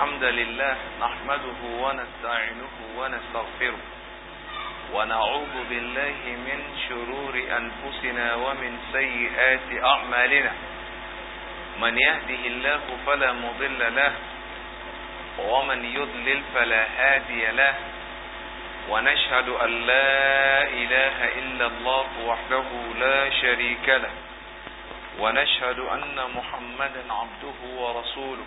الحمد لله نحمده ونستعينه ونستغفره ونعوذ بالله من شرور أنفسنا ومن سيئات أعمالنا من يهده الله فلا مضل له ومن يضلل فلا هادي له ونشهد أن لا إله إلا الله وحده لا شريك له ونشهد أن محمدا عبده ورسوله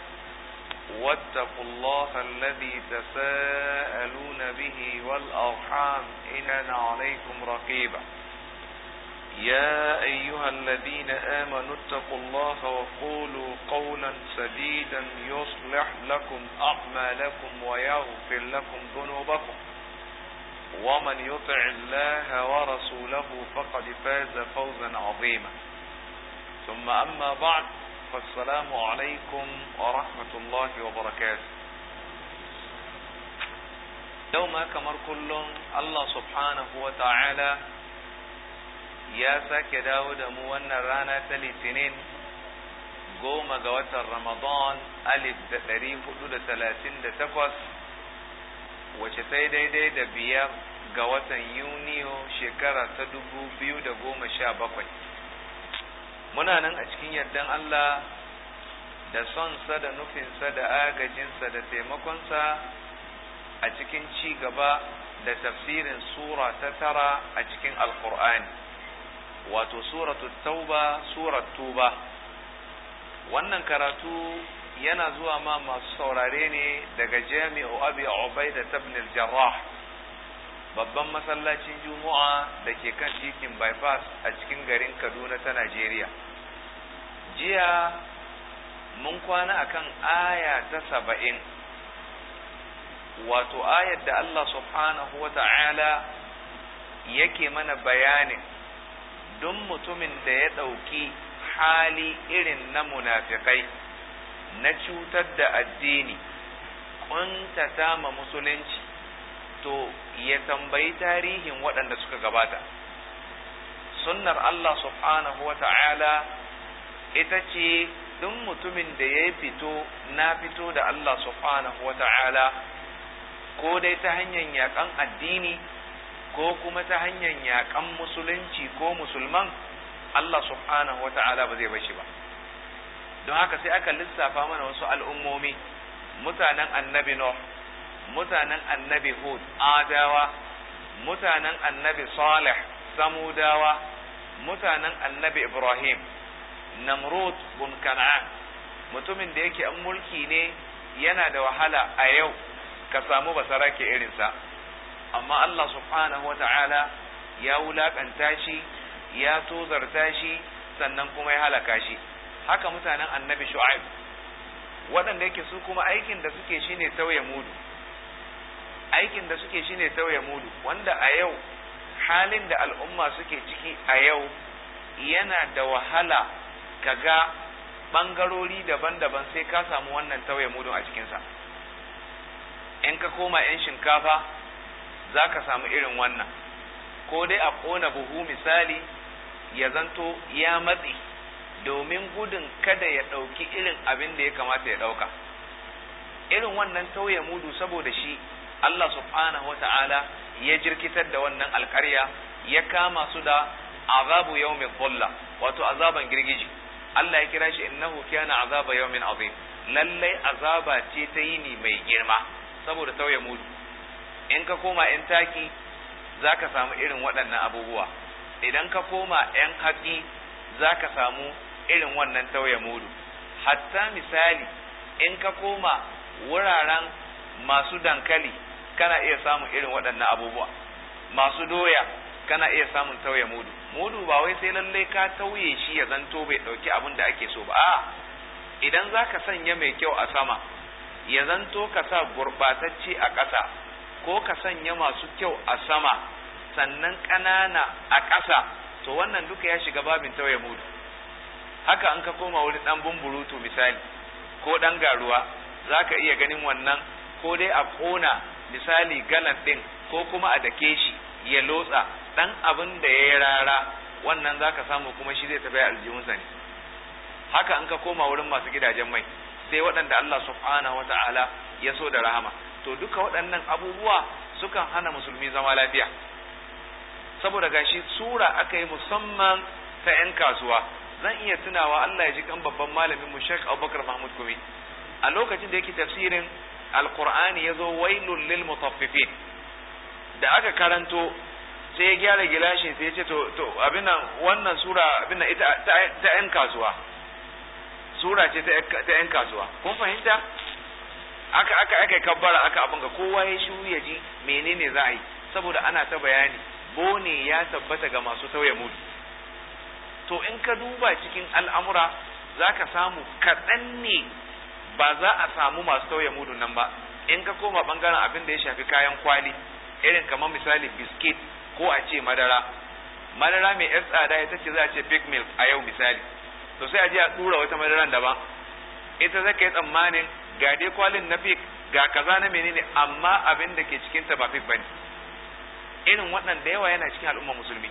واتقوا الله الذي تساءلون به والأرحام أنا عليكم رقيبا يا أيها الذين آمنوا اتقوا الله وقولوا قولا سديدا يصلح لكم أعمالكم ويغفر لكم ذنوبكم ومن يطع الله ورسوله فقد فاز فوزا عظيما ثم أما بعد فالسلام عليكم ورحمة الله وبركاته يوم كمر كل الله سبحانه وتعالى يا ساك داود موانا رانا تلتنين قوم قوات رمضان ألف دتريه حدود ثلاثين دتفس وشتاي داي داي دبيا قوات يونيو شكرا تدبو بيو دقوم شابقين muna nan a cikin yardan Allah da sonsa da nufinsa da agajinsa da taimakonsa a cikin ci gaba da tafsirin sura ta tara a cikin alkur'ani wato suratu tauba surat tuba wannan karatu yana zuwa ma masu saurare ne daga jami'u abi ubaida da al-jarrah babban masallacin juma'a da ke kan titin bypass a cikin garin kaduna ta najeriya jiya mun kwana akan aya ta saba'in wato ayar da Allah subhanahu wa ta'ala yake mana bayanin don mutumin da ya ɗauki hali irin na munafikai na cutar da addini ta ma musulunci to ya tambayi tarihin waɗanda suka gabata sunnar Allah subhanahu wa ita ce duk mutumin da ya fito na fito da Allah subhanahu wa ta'ala ko dai ta hanyar yakan addini ko kuma ta hanyar yakan musulunci ko musulman Allah subhanahu wa ta'ala ba zai bashi ba don haka sai aka lissafa mana wasu al'ummomi mutanen annabi Nuh mutanen annabi Hud adawa mutanen annabi Salih samudawa mutanen annabi Ibrahim namrud bin mutumin da yake an mulki ne yana da wahala a yau ka samu basarake irinsa amma Allah subhanahu wa ta'ala ya wulaƙanta shi ya tozarta shi sannan kuma ya halaka shi haka mutanen annabi shu'aib waɗanda yake su kuma aikin da suke shine tauye mudu aikin da suke shine tauye mudu wanda a yau halin da al'umma suke ciki a yau yana da wahala ka ga ɓangarori daban-daban sai ka samu wannan tauye mudun a cikinsa in ka koma 'yan shinkafa za ka samu irin wannan ko dai a ƙona buhu misali ya zanto ya matsi domin gudun kada ya ɗauki irin abin da ya kamata ya ɗauka irin wannan tauye mudu saboda shi Allah subhanahu wa ta'ala ya jirkitar da wannan alƙarya ya kama su da azabu yau mai wato azaban girgiji Allah ya kira shi innahu kana azaba yawmin azim lallai azaba ce ta yi ni mai girma saboda tauye mudu in ka koma in taki zaka samu irin waɗannan abubuwa idan ka koma yan haƙi zaka samu irin wannan tauye mudu hatta misali in ka koma wuraren masu dankali kana iya samun irin waɗannan abubuwa masu doya kana iya samun tauye mudu mudu ba wai sai lallai ka tauye shi ya zanto bai ɗauki abin da ake so ba a idan zaka sanya mai kyau a sama ya zanto ka sa gurɓatacce a ƙasa ko ka sanya masu kyau a sama sannan ƙanana a ƙasa to wannan duka ya shiga babin tauye mudu haka an ka koma wani ɗan bumburutu misali ko ɗan garuwa zaka iya ganin wannan ko dai a ƙona misali galan ɗin ko kuma a dake shi ya lotsa dan abin da ya rara wannan zaka samu kuma shi zai tafi aljihunsa ne haka an ka koma wurin masu gidajen mai sai waɗanda Allah subhanahu wa ta'ala ya so da rahama to duka waɗannan abubuwa sukan hana musulmi zama lafiya saboda gashi sura aka yi musamman ta 'yan kasuwa zan iya tunawa Allah ya ji kan babban malamin mu Sheikh Abubakar Mahmud Kumi a lokacin da yake tafsirin Alqur'ani yazo wailul lil mutaffifin da aka karanto sai ya gyara gilashin sai ya ce to abin nan wannan sura abin nan ita ta yan kasuwa sura ce ta yan kasuwa kun fahimta aka aka aka kabbara aka abin ga kowa ya shiru ya ji menene za a yi saboda ana ta bayani bone ya tabbata ga masu sauya mudu to in ka duba cikin al'amura zaka samu kaɗan ne ba za a samu masu sauya mudu nan ba in ka koma ɓangaren abin da ya shafi kayan kwali irin kamar misali biskit ko a ce madara madara mai yar tsada ita ce za a ce big milk a yau misali to sai a je a dura wata madaran daban ita za ka yi tsammanin ga dai kwalin na big ga kaza na menene amma abin da ke cikin ta ba big bane irin da yawa yana cikin al'umma musulmi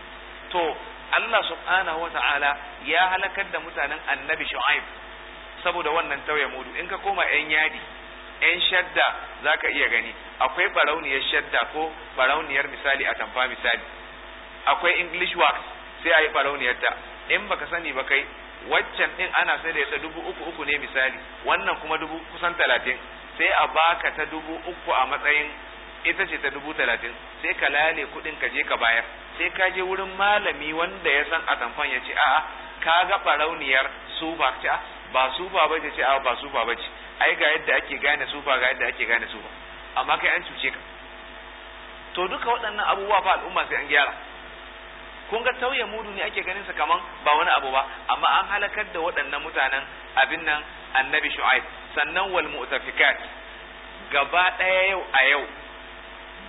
to Allah subhanahu wata'ala ya halakar da mutanen annabi shu'aib saboda wannan tauye mudu in ka koma yan yadi 'yan shadda za ka iya gani akwai barauniyar shadda ko barauniyar misali a tamfa misali akwai english wax sai a yi barauniyar ta in baka sani ba kai waccan ɗin ana sai da ita dubu uku uku ne misali wannan kuma dubu kusan talatin sai a baka ta dubu uku a matsayin ita ce ta dubu talatin sai ka lale kuɗin ka je ka bayar sai ka je wurin malami wanda ya san atamfan ya ce a'a ka ga farauniyar su ba ce ba su ba ba ce a'a ba su ba ce. ai ga yadda ake gane sufa ga yadda ake gane sufa amma kai an cuce ka to duka waɗannan abubuwa fa al'umma sai an gyara kun ga tauye mudu ne ake ganin sa kaman ba wani abu ba amma an halakar da waɗannan mutanen abin nan annabi shu'aib sannan wal mu'tafikat gaba ɗaya yau a yau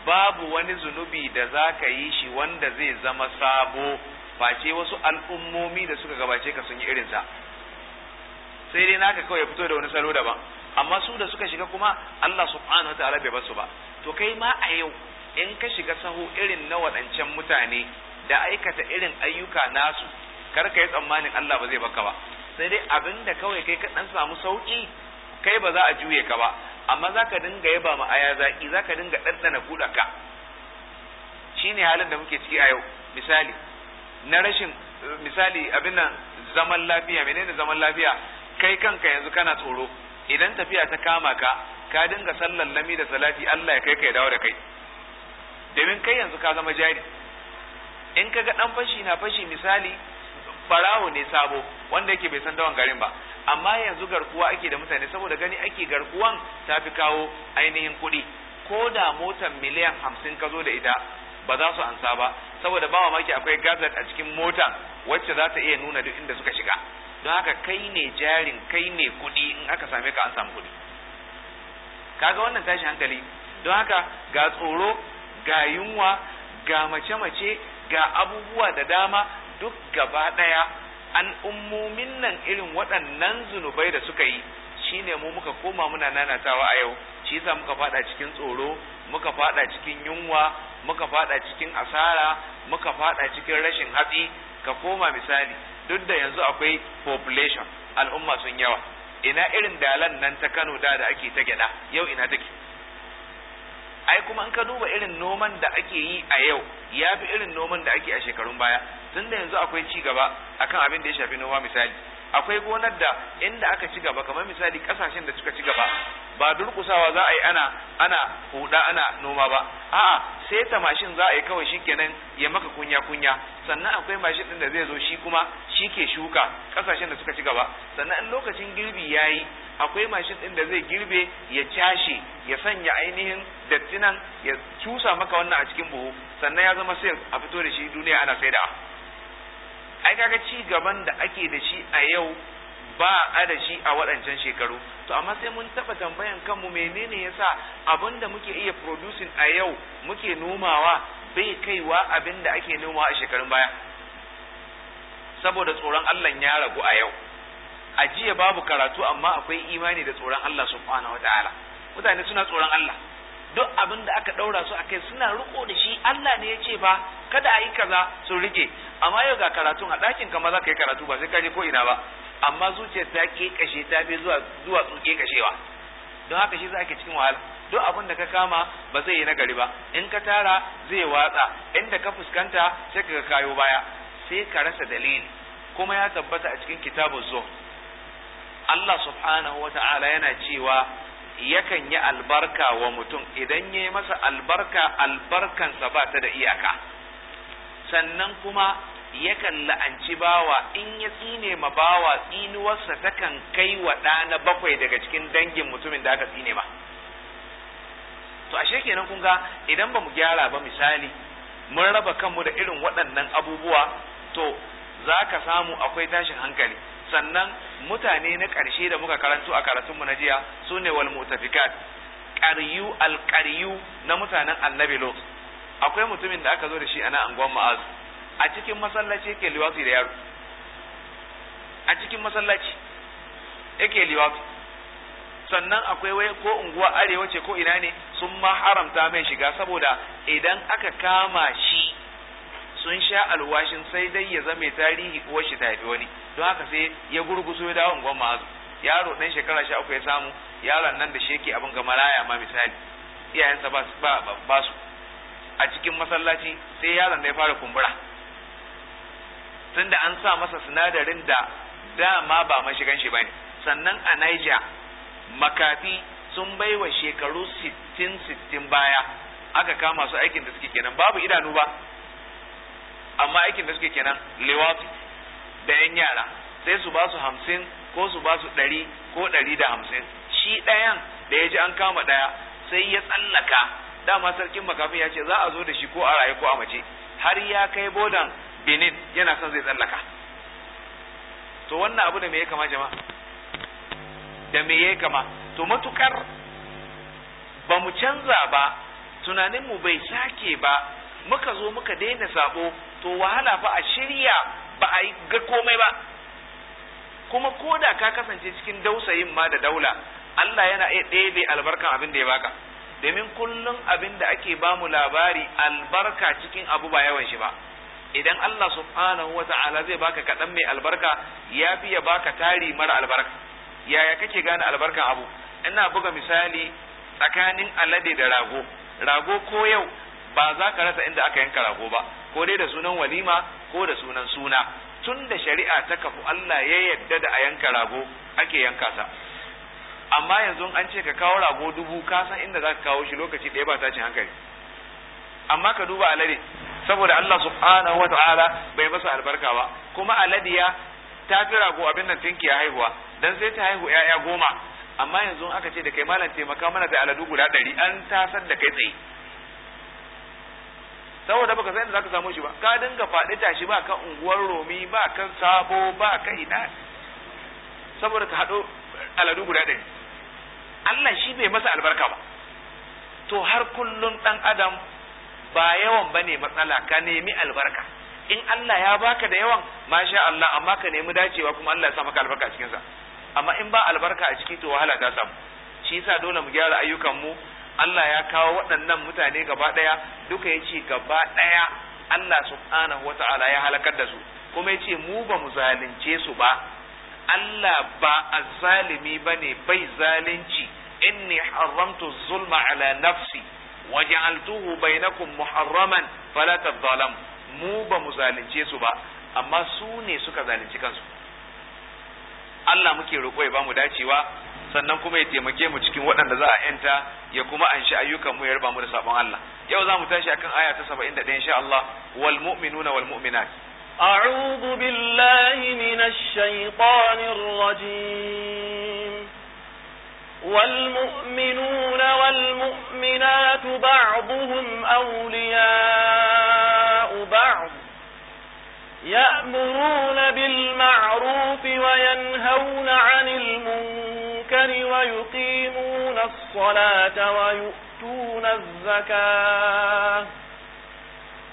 babu wani zunubi da za ka yi shi wanda zai zama sabo face wasu al'ummomi da suka gabace ka sun yi irinsa sai dai naka kawai fito da wani salo daban amma su da suka shiga kuma Allah subhanahu wataala bai basu ba to kai ma a yau in ka shiga saho irin na waɗancan mutane da aikata irin ayyuka nasu kar ka yi tsammanin Allah ba zai baka ba sai dai abin da kawai kai ka dan samu sauki kai ba za a juye ka ba amma za ka dinga yaba ma aya zaki za ka dinga ɗanɗana ka shine halin da muke ciki a yau misali na rashin misali abin nan zaman lafiya menene zaman lafiya kai kanka yanzu kana tsoro idan tafiya ta kama ka ka dinga sallan lami da salati Allah ya kai ka ya dawo da kai domin kai yanzu ka zama jari in ka ga dan fashi na fashi misali barawo ne sabo wanda yake bai san dawan garin ba amma yanzu garkuwa ake da mutane saboda gani ake garkuwan ta fi kawo ainihin kuɗi ko da motar miliyan hamsin ka zo da ita ba za su ansa ba saboda ba maki akwai gazet a cikin mota wacce za ta iya nuna duk inda suka shiga don haka kai ne jarin kai ne kuɗi in aka same ka an samu kuɗi kaga wannan tashi hankali don haka ga tsoro ga yunwa ga mace-mace ga abubuwa da dama duk gaba ɗaya an ummumin nan irin waɗannan zunubai da suka yi shine mu muka koma muna nanatawa a yau shi yasa muka fada cikin tsoro muka fada cikin yunwa muka fada cikin asara muka fada cikin rashin hatsi ka koma misali duk da yanzu akwai population al'umma sun yawa ina irin dalan nan ta Kano da da ake ta gyada yau ina take ai kuma in ka duba irin noman da ake yi a yau ya fi irin noman da ake a shekarun baya tunda yanzu akwai ci gaba akan abin da ya shafi noma misali akwai gonar da inda aka ci gaba kamar misali kasashen da suka ci gaba ba durkusawa za a yi ana ana huda ana noma ba a'a sai ta mashin za a yi kawai shikenan ya maka kunya kunya sannan akwai mashin din da zai zo shi kuma shi ke shuka kasashen da suka ci gaba sannan in lokacin girbi yayi akwai mashin din da zai girbe ya cashe ya sanya ainihin dattinan ya cusa maka wannan a cikin buhu sannan ya zama sai a fito da shi duniya ana saida ai kaga ci gaban da ake da shi a yau ba a da shi a waɗancan shekaru to amma sai mun taɓa tambayan kanmu menene yasa abin da muke iya producing a yau muke nomawa bai kaiwa abin da ake nomawa a shekarun baya saboda tsoron Allah ya ragu a yau a jiya babu karatu amma akwai imani da tsoron Allah subhanahu wataala mutane suna tsoron Allah duk abin da aka ɗaura su a kai suna riko da shi Allah ne ya ce ba kada a yi kaza sun rike amma yau ga karatun a ɗakin kama za ka yi karatu ba sai ka je ko ina ba amma zuciyar ta ke kashe ta bi zuwa zuwa tsuke kashewa don haka shi za ka cikin wahala duk abin da ka kama ba zai yi nagari ba in ka tara zai watsa inda ka fuskanta sai ka kayo baya sai ka rasa dalili kuma ya tabbata a cikin kitabun zo Allah subhanahu wa ta'ala yana cewa yakan yi albarka wa mutum idan ya yi masa albarka albarkansa ba ta da iyaka sannan kuma yakan la'anci bawa in ya tsine ma bawa tsinuwarsa takan kai wa ɗana bakwai daga cikin dangin mutumin da aka tsine ma to ashe kenan kun ga idan ba mu gyara ba misali mun raba kanmu da irin waɗannan abubuwa to za ka samu akwai tashin hankali sannan mutane na ƙarshe da muka karanto a karatunmu na jiya su ne wal mutafikat ƙaryu alƙaryu na mutanen annabi lot akwai mutumin da aka zo da shi a nan anguwan ma'azu a cikin masallaci yake liwafi da yaro a cikin masallaci yake liwafi sannan akwai wai ko unguwa arewa ce ko ina ne sun ma haramta mai shiga saboda idan aka kama shi sun sha alwashin sai dai ya zame tarihi uwar shi ta wani don haka sai ya gurguso ya dawo unguwar ma'azu yaro dan shekara sha uku ya samu yaron nan da shi yake abin ga maraya ma misali iyayensa ba ba su a cikin masallaci sai yaron da ya fara kumbura tunda an sa masa sinadarin da dama ba mashigan shi bane sannan a Niger makafi sun baiwa shekaru 60 60 baya aka kama su aikin da suke kenan babu idanu ba amma aikin da suke kenan lewatu da yan yara sai su ba su hamsin ko su ba su ɗari ko ɗari da hamsin shi ɗayan da ya ji an kama ɗaya sai ya tsallaka dama sarkin makafin ya ce za a zo da shi ko a raye ko a mace har ya kai bodan benin yana son zai tsallaka to wannan abu da me ya kama jama'a da me ya kama to matukar ba mu canza ba tunaninmu bai sake ba muka zo muka daina sabo to wahala fa a shirya ba a yi ga komai ba kuma ko da ka kasance cikin dausayin ma da daula Allah yana iya ɗebe albarkan abin da ya baka domin kullum abin da ake bamu labari albarka cikin abu ba yawan shi ba idan Allah subhanahu wa ta'ala zai baka kaɗan mai albarka ya fi ya baka tari mara albarka yaya kake gane albarkan abu ina buga misali tsakanin alade da rago rago ko yau ba za ka rasa inda aka yanka rago ba ko dai da sunan walima ko da sunan suna tun da shari'a ta kafu Allah ya yadda da a yanka rago ake yanka sa amma yanzu an ce ka kawo rago dubu ka san inda za ka kawo shi lokaci ɗaya ba tashin hankali amma ka duba alade saboda Allah subhanahu wa ta'ala bai masa albarka ba kuma aladiya ta fi rago abin nan ya haihuwa dan sai ta haihu ya'ya goma amma yanzu aka ce da kai malam taimaka mana da aladu guda ɗari an tasar da kai tsaye saboda baka san inda zaka samu shi ba ka dinga faɗi tashi ba kan unguwar romi ba kan sabo ba kan ina saboda ka haɗo aladu guda ɗari Allah shi bai masa albarka ba to har kullun ɗan adam ba yawan bane matsala ka nemi albarka in Allah ya baka da yawan masha Allah amma ka nemi dacewa kuma Allah ya sa maka albarka a cikinsa amma in ba albarka a ciki to wahala ta samu shi yasa dole mu gyara ayyukan mu Allah ya kawo waɗannan mutane gaba ɗaya duka ya ce gaba ɗaya Allah subhanahu wa ta'ala ya halakar da su kuma ya ce mu ba mu zalunce su ba Allah ba zalimi ba ne bai zalunci inni haramtu zulma ala nafsi wa ja'altuhu bainakum muharraman fala tadhalamu mu ba mu zalunce su ba amma su ne suka zalunci kansu Allah muke roƙo ya ba mu dacewa sannan kuma ya taimake mu cikin waɗanda za a yanta ya kuma anshi ayyukan mu ya riba mu da sabon Allah yau za mu tashi akan aya ta 71 insha Allah wal mu'minuna wal mu'minat أعوذ بالله من wal الرجيم والمؤمنون والمؤمنات بعضهم أولياء بعض يأمرون بالمعروف وينهون عن المنكر المنكر ويقيمون الصلاة ويؤتون الزكاة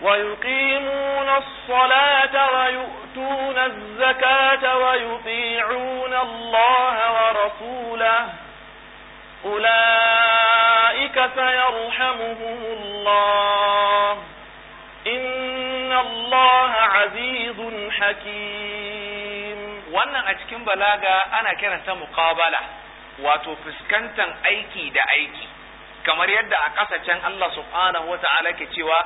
ويقيمون الصلاة ويؤتون الزكاة ويطيعون الله ورسوله أولئك سيرحمهم الله إن الله عزيز حكيم وأنا a بلاغا أنا ana مقابلة wato fuskantan aiki da aiki kamar yadda a ƙasa can Allah subhanahu wata'ala ke cewa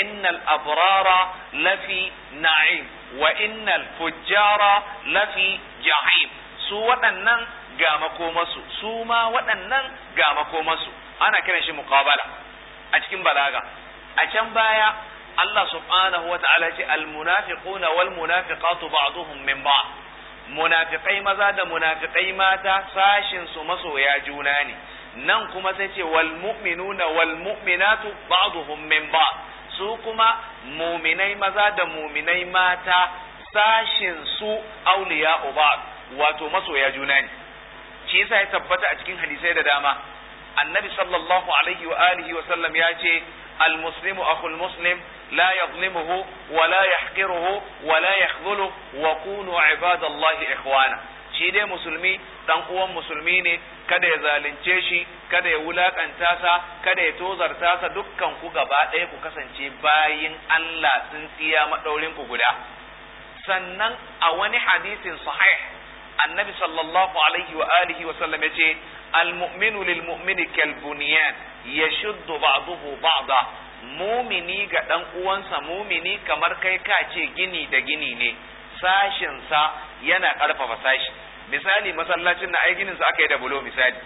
innal abrara lafi na'im wa innal fujjara lafi jahim su waɗannan ga makomasu su ma waɗannan ga makomasu ana kiran shi muqabala a cikin balaga a can baya Allah subhanahu wata'ala ce al munafiquna wal munafiqatu ba'duhum min ba'd Munafiƙai maza da munafiƙai mata sashin su masoya juna ne nan kuma sai ce wal mu'minuna wal mu'minatu ba'dhum min ba. su kuma muminai maza da muminai mata sashin su auliya ba'd wato masoya juna ne shi yasa ya tabbata a cikin hadisai da dama annabi sallallahu alaihi wa alihi wa sallam ya ce al muslimu akhul muslim لا يظلمه ولا يحقره ولا يخذله وكونوا عباد الله إخوانا shi dai musulmi dan uwan musulmi ne kada ya zalunce shi kada ya wulakanta sa kada ya tozarta sa dukkan ku gaba ɗaya ku kasance bayin Allah sun tsiya madaurin ku guda sannan a wani hadisin sahih annabi sallallahu alaihi wa alihi wa sallam yace al mu'minu lil mu'mini kal bunyan yashuddu ba'dahu ba'da mumini ga ɗan uwansa mumini kamar kai ka ce gini da gini ne sashinsa yana ƙarfafa sashi misali masallacin na ai ginin sa aka yi da bulo misali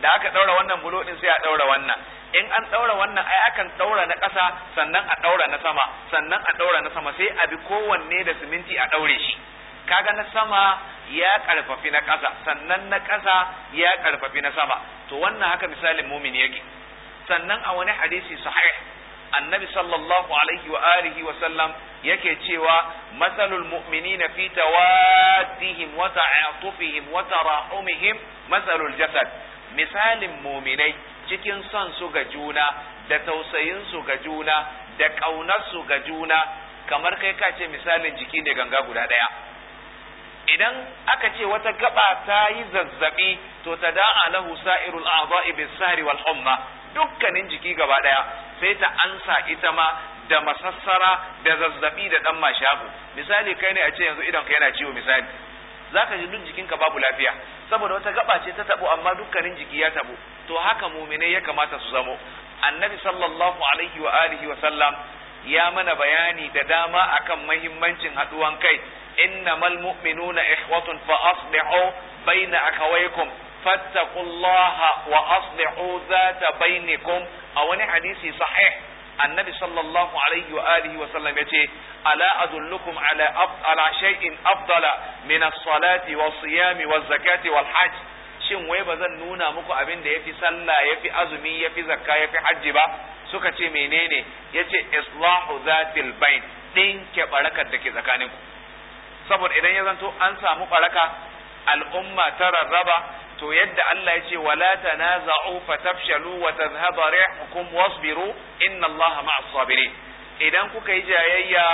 da aka ɗaura wannan bulo ɗin sai a ɗaura wannan in an ɗaura wannan ai akan ɗaura na ƙasa sannan a ɗaura na sama sannan a ɗaura na sama sai a bi kowanne da siminti a ɗaure shi kaga na sama ya ƙarfafi na ƙasa sannan na ƙasa ya karfafi na sama to wannan haka misalin mumin yake sannan a wani hadisi sahih annabi sallallahu alaihi wa alihi wa sallam yake cewa masalul mu'minina fi tawaddihim wa ta'atufihim wa tarahumihim masalul jasad misalin muminai cikin son su ga juna da tausayin su ga juna da kaunar su ga juna kamar kai ka ce misalin jiki ne ganga guda daya idan aka ce wata gaba ta yi zazzabi to tada'a lahu sa'irul a'dha'i bis-sahri wal-humma dukkanin jiki gaba daya sai ta ansa ita ma da masassara da zazzabi da dan mashaku misali kai ne a ce yanzu idan ka yana ciwo misali zaka ji duk jikinka babu lafiya saboda wata gaba ce ta tabo amma dukkanin jiki ya tabo to haka mu'minai ya kamata su zamo annabi sallallahu alaihi wa alihi wa sallam ya mana bayani da dama akan mahimmancin haduwan kai innamal mu'minuna ikhwatun fa aslihu baina akawaykum fattaqullaha wa aslihu zata bainakum a wani hadisi sahih annabi sallallahu alaihi wa alihi wa sallam yace ala adullukum ala ala shay'in afdala min as siyami waz zakati wal hajj shin wai bazan nuna muku abin da yafi sallah yafi azumi yafi zakka yafi hajji ba suka ce menene yace islahu zatil bain dinke barakar da ke tsakaninku saboda idan ya zanto an samu baraka al'umma ta rarraba to yadda Allah ya ce wala tanaza'u fatafshalu wa tadhhaba rihukum wasbiru inna Allaha ma'as sabirin idan kuka yi jayayya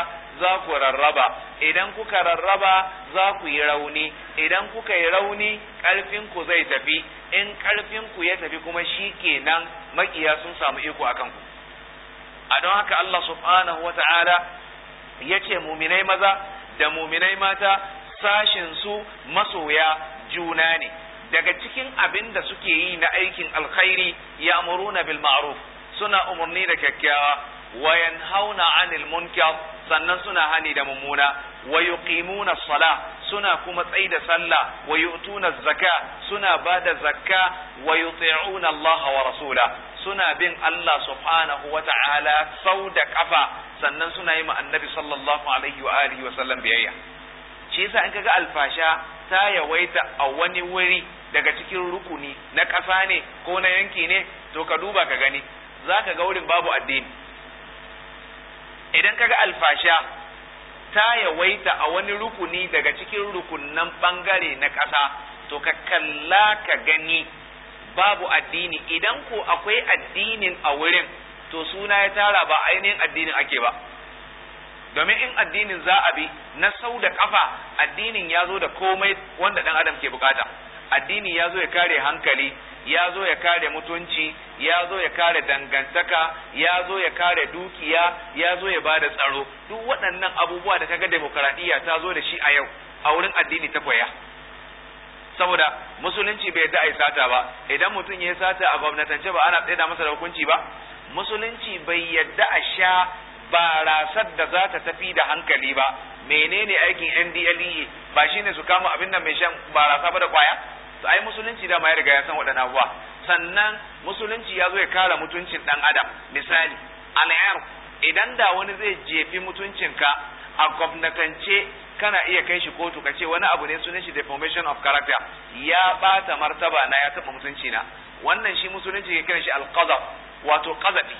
za ku rarraba idan kuka rarraba za ku yi rauni idan kuka yi rauni ƙarfin ku zai tafi in ƙarfin ku ya tafi kuma shikenan makiya sun samu iko akan ku a don haka Allah subhanahu wata'ala ya ce muminai maza da muminai mata sashin su masoya juna ne daga cikin abin da suke yi na aikin alkhairi ya muruna bil ma'ruf suna umarni da kyakkyawa wa yanhauna anil munkar sannan suna hani da mummuna wa yuqimuna salah suna kuma tsaida sallah wa yu'tuna zakka suna bada zakka wa yuti'una Allah wa rasula suna bin Allah subhanahu wa ta'ala sau da kafa sannan suna yi annabi sallallahu alaihi wa alihi wa sallam biyayya shi yasa in kaga alfasha ta yawaita a wani wuri daga cikin rukuni na ƙasa ne ko na yanki ne to ka duba ka gani za ka ga wurin babu addini idan ka ga alfasha ta yawaita a wani rukuni daga cikin rukunan ɓangare na ƙasa to ka kalla ka gani babu addini idan ko akwai addinin a wurin to suna ya tara ba ainihin addinin ake ba domin in addinin za a bi na sau da kafa addinin ya zo da komai wanda ɗan adam ke bukata. addini ya zo ya kare hankali ya zo ya kare mutunci ya zo ya kare dangantaka ya zo ya kare dukiya ya zo ya bada tsaro duk waɗannan abubuwa da kaga demokaradiyya ta zo da shi a yau a wurin addini ta koya saboda musulunci bai da ai sata ba idan mutum ya sata a gwamnatance ba ana tsaida masa hukunci ba musulunci bai yadda a sha barasar da za ta tafi da hankali ba menene aikin ndle ba shine su kama abin nan mai shan barasa ba da kwaya to ai musulunci da ma ya riga ya san waɗannan abubuwa sannan musulunci ya zo ya kare mutuncin ɗan adam misali al'ar idan da wani zai jefi mutuncinka a gwamnatance kana iya kai shi kotu kace wani abu ne sunan shi deformation of character ya bata martaba na ya taba mutunci na wannan shi musulunci ke kiran shi alqazab wato qazabi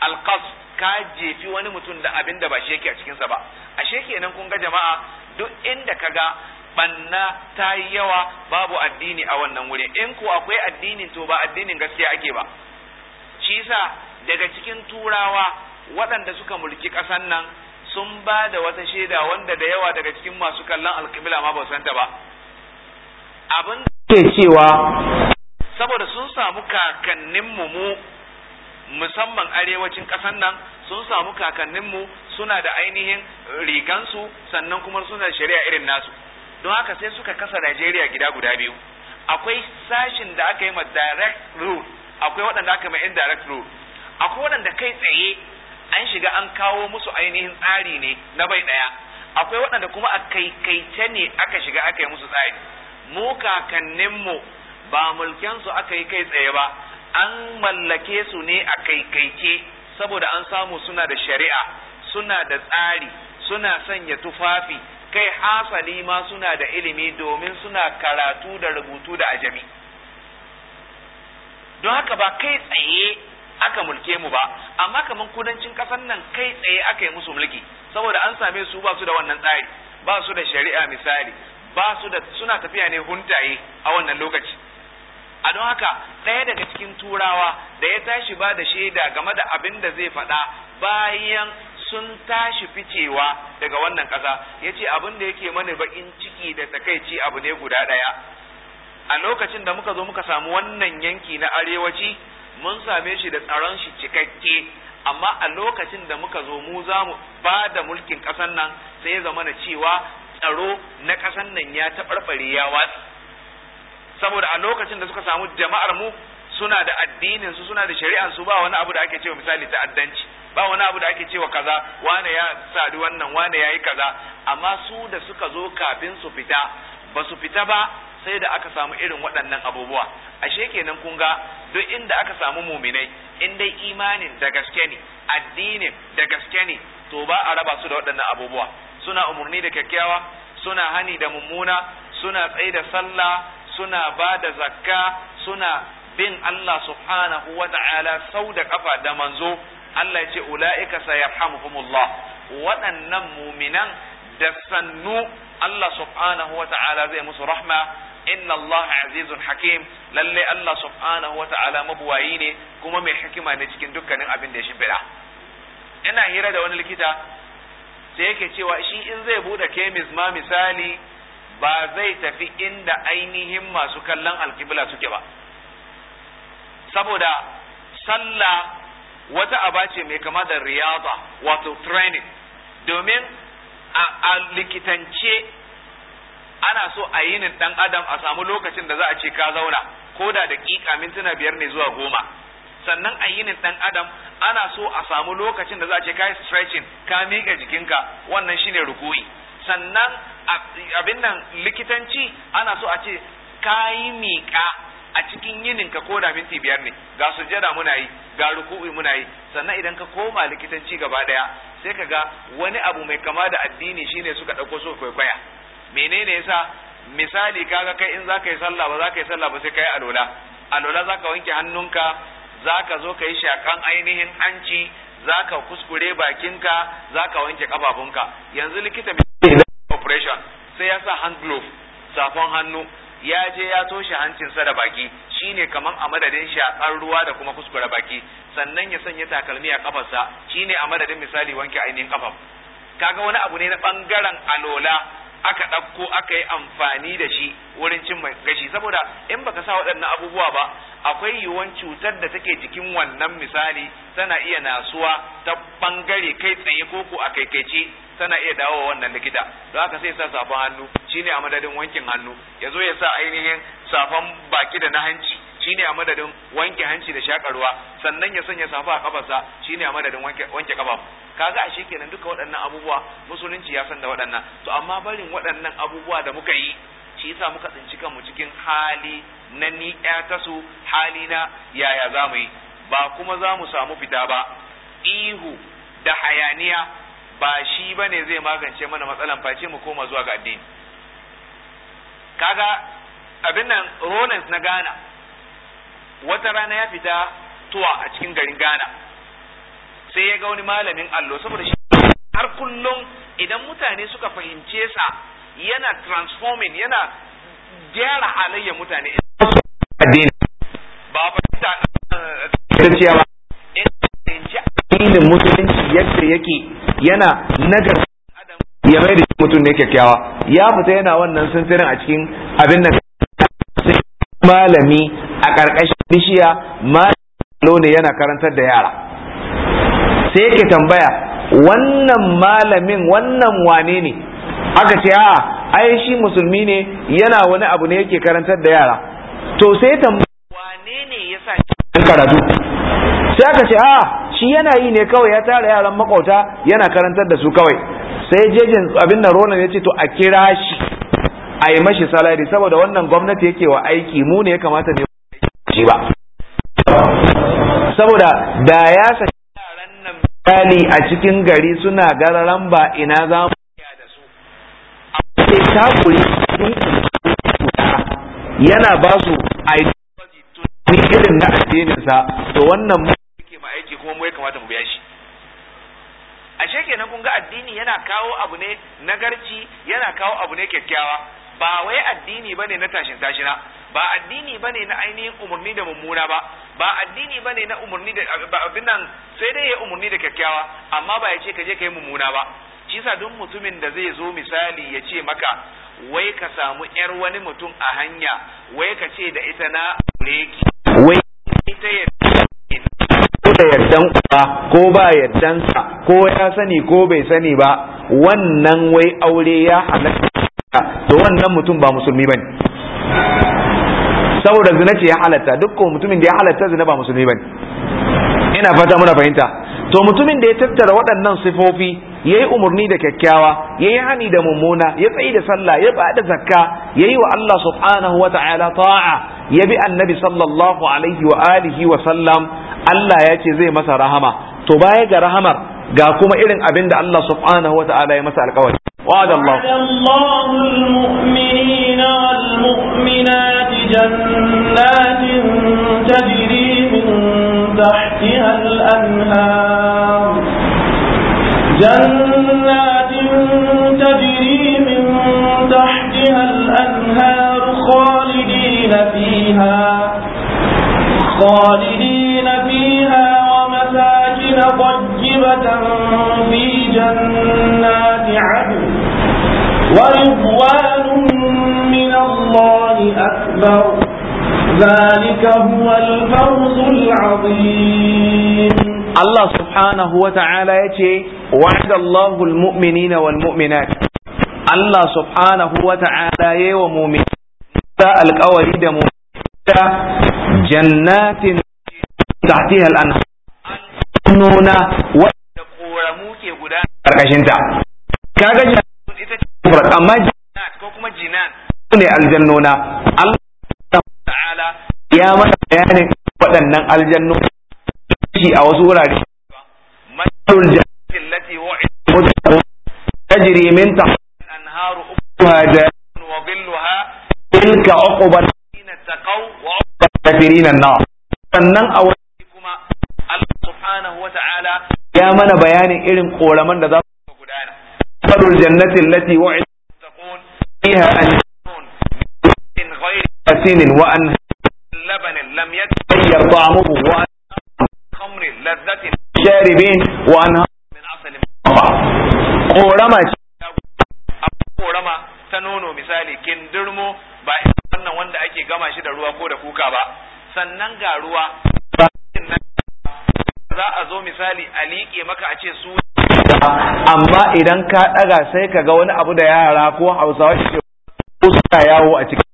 alqaz ka jefi wani mutum da abin da ba shi yake a cikinsa ba ashe kenan kun ga jama'a duk inda ka ga banna ta yi yawa babu addini a wannan wuri in ko akwai addini to ba addinin gaskiya ake ba shi sa daga cikin turawa waɗanda suka mulki ƙasar nan sun ba da wata shaida wanda da yawa daga cikin masu kallon alƙibla ma ba san ta ba abin da ke cewa saboda sun samu kakanninmu mu musamman arewacin ƙasar nan sun samu kakanninmu suna da ainihin rigansu sannan kuma suna da shari'a irin nasu don haka sai suka kasa Najeriya gida guda biyu akwai sashin da aka yi ma direct rule akwai waɗanda aka ma indirect rule akwai waɗanda kai tsaye an shiga an kawo musu ainihin tsari ne na bai ɗaya akwai waɗanda kuma a kaikaice ne aka shiga aka yi musu tsari mu kakanninmu ba mulkensu aka yi kai tsaye ba an mallake su ne a kaikaice saboda an samu suna da shari'a suna da tsari suna sanya tufafi kai hasali ma suna da ilimi domin suna karatu da rubutu da ajami don haka ba kai tsaye aka mulke mu ba amma kamar kudancin ƙasar nan kai tsaye aka yi musu mulki saboda an same su ba su da wannan tsari ba su da shari'a misali ba su da suna tafiya ne huntaye a wannan lokaci a don haka ɗaya daga cikin turawa da ya tashi ba da shaida game da abin da zai faɗa bayan sun tashi ficewa daga wannan ƙasa ya ce abin da yake mana baƙin ciki da takaici abu ne guda ɗaya a lokacin da muka zo muka samu wannan yanki na arewaci mun same shi da tsaron shi cikakke amma a lokacin da muka zo mu za mu ba da mulkin ƙasan nan sai ya zama na cewa tsaro na ƙasan nan ya taɓarɓare ya watsi saboda a lokacin da suka samu jama'ar mu suna da addinin su suna da shari'ar su ba wani abu da ake cewa misali ta'addanci ba wani abu da ake cewa kaza wane ya sadu wannan wane ya yi kaza amma su da suka zo kafin su fita ba su fita ba sai da aka samu irin waɗannan abubuwa ashe kenan kun ga duk inda aka samu muminai in dai imanin da gaske ne addinin da gaske ne to ba a raba su da waɗannan abubuwa suna umarni da kyakkyawa suna hani da mummuna suna tsaye da sallah suna ba da zakka suna bin Allah subhanahu wa ta'ala sau da kafa da manzo Allah ya ce ula'ika sayarhamuhumullah waɗannan muminan da sannu Allah subhanahu wa ta'ala zai musu rahma inna Allah azizun hakim lalle Allah subhanahu wa ta'ala mabuwayi ne kuma mai hikima ne cikin dukkanin abin da ya shimfiɗa ina hira da wani likita sai yake cewa shi in zai bude kemis ma misali ba zai tafi inda ainihin masu kallon alkibla suke ba saboda sallah wata aba ce mai kama da riyada wato training domin a likitance ana so a yinin dan adam a samu lokacin da za a ce ka zauna ko da daƙiƙa mintuna biyar ne zuwa goma sannan a yinin dan adam ana so a samu lokacin da za a ce ka yi stretching ka miƙa jikinka wannan shine rukuyi sannan abin nan likitanci ana so a ce ka yi miƙa yinin ko da minti biyar ne ga sujjada muna yi ga ruku'i muna yi sannan idan ka koma likitanci gaba daya sai ka ga wani abu mai kama da addini shine suka dauko su kwaikwaya menene yasa misali kaga kai in zaka yi sallah ba zaka yi sallah ba sai kai alola alola zaka wanke hannunka zaka zo ka yi shakan ainihin hanci zaka kuskure bakinka zaka wanke kafafunka yanzu likita mai operation sai ya sa hand glove safon hannu ya je ya toshe hancinsa da baki shine kaman a madadin shi a tsar ruwa da kuma kuskure baki sannan ya sanya takalmi a kafarsa shine a madadin misali wanke ainihin kafar kaga wani abu ne na bangaren alola aka ɗauko aka yi amfani da shi wurin cin gashi saboda in baka sa waɗannan abubuwa ba akwai yiwuwan cutar da take jikin wannan misali tana iya nasuwa ta bangare kai tsaye ko ko a kaikaice tana iya dawo wannan likita don haka sai sa safan hannu shine a madadin wankin hannu ya zo ya sa ainihin safan baki da na hanci shine a madadin wanke hanci da shakar ruwa sannan ya sanya safa a kafarsa shine a madadin wanke wanke kafa kaga a shikenan duka waɗannan abubuwa musulunci ya san da waɗannan to amma barin waɗannan abubuwa da muka yi shi yasa muka tsinci kanmu cikin hali na ni ta su hali na yaya za mu yi ba kuma za mu samu fita ba ihu da hayaniya ba shi ba ne zai magance mana matsalan face mu koma zuwa ga addini kaga abin nan ronans na ghana wata rana ya fita tuwa a cikin garin Ghana sai ya ga wani malamin allo saboda shi har kullum idan mutane suka fahimce sa yana transforming yana gyara halayya mutane addini ba fahimta cewa eh, eh, ba in fahimci addinin musulunci yadda yake yana nagar ya mai da mutum ne kyakkyawa ya fita yana wannan sintirin a cikin abin nan malami a ƙarƙashin bishiya ma ne yana karantar da yara sai yake tambaya wannan malamin wannan wane ne aka ce a'a ai shi musulmi ne yana wani abu ne yake karantar da yara to sai tambaya wane ne ya sa shi karatu sai aka ce a'a shi yana yi ne kawai ya tara yaran makauta yana karantar da su kawai sai jejin abin na ronan ya ce to a kira shi a yi mashi salari saboda wannan gwamnati yake wa aiki mu ne ya kamata ne lokaci ba saboda da ya sace yaran nan misali a cikin gari suna gararan ba ina za mu iya da su sai takuri yana ba su ideology tuni irin na addininsa to wannan mu yake ma aiki kuma mu ya kamata mu biya shi sheke na kun ga addini yana kawo abu ne nagarci yana kawo abu ne kyakkyawa ba wai addini bane na tashin tashina ba addini bane na ainihin umarni da mummuna ba ba addini bane na umarni da abin nan sai dai ya umarni da kyakkyawa amma ba ya ce ka je ka yi mummuna ba shi sa duk mutumin da zai zo misali ya ce maka wai ka samu yar wani mutum a hanya wai ka ce da ita na leki wai ita ya ko da yardan uba ko ba yardansa ko ya sani ko bai sani ba wannan wai aure ya halatta to wannan mutum ba musulmi bane saboda zina ce ya halatta dukkan mutumin da ya halatta zina ba musulmi bane ina fata muna fahimta to mutumin da ya tattara waɗannan sifofi ya yi umarni da kyakkyawa ya yi hani da mummuna ya tsayi da sallah ya bada zakka ya yi wa Allah subhanahu wa ta'ala ta'a ya bi annabi sallallahu alaihi wa alihi wa sallam Allah ya ce zai masa rahama to baya ga rahamar ga kuma irin abin da Allah subhanahu wa ta'ala ya masa alƙawari wa'ada Allah جنات تجري من تحتها الأنهار جنات تجري من تحتها الأنهار خالدين فيها خالدين فيها ومساكن طيبة في جنات عدن ورضوان من الله أكبر ذلك هو الفوز العظيم الله سبحانه وتعالى يتي وعد الله المؤمنين والمؤمنات الله سبحانه وتعالى ومؤمن القول دم جنات تحتها الأنهار nuna wadda koramu ke gudana karkashinta kaga jannat ita ce amma jinat ko kuma jinan ne aljannona Allah ta'ala ya mana bayanin waɗannan aljannona shi a wasu wurare masalul jannatin lati wu'ida muttaqin tajri min tahtiha anharu ukhuha jannatin wa dhilluha tilka uqba alladhina taqaw wa uqba kafirin nar sannan a wani kuma Allah subhanahu wa ta'ala ya mana bayanin irin koraman da za su gudana masalul jannatin lati wu'ida muttaqin fiha asinin wa an labanin lam yatayyar ta'amuhu wa an khamrin lazzatin sharibin wa an min asalin korama korama ta nono misali kindirmo ba wannan wanda ake gama shi da ruwa ko da kuka ba sannan ga ruwa za a zo misali a liƙe maka a ce su amma idan ka ɗaga sai ka ga wani abu da yara ko hausawa shi ke yawo a cikin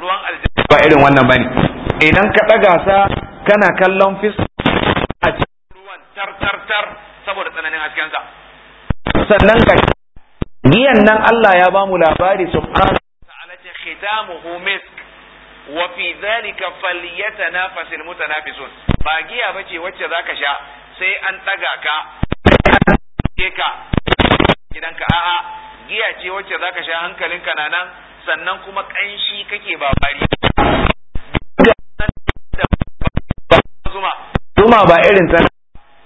ruwan aljanna ba irin wannan bane idan ka daga sa kana kallon fiska a cikin ruwan tartartar saboda tsananin hasken sa sannan ka giyan nan Allah ya ba mu labari subhanahu wa ta'ala ce khitamuhu misk wa fi dhalika falyatanafasil mutanafisun ba giya bace wacce zaka sha sai an daga ka ka gidanka a'a giya ce wacce zaka sha hankalinka na nan sannan kuma ƙanshi kake ba bari zuma zuma ba irin ta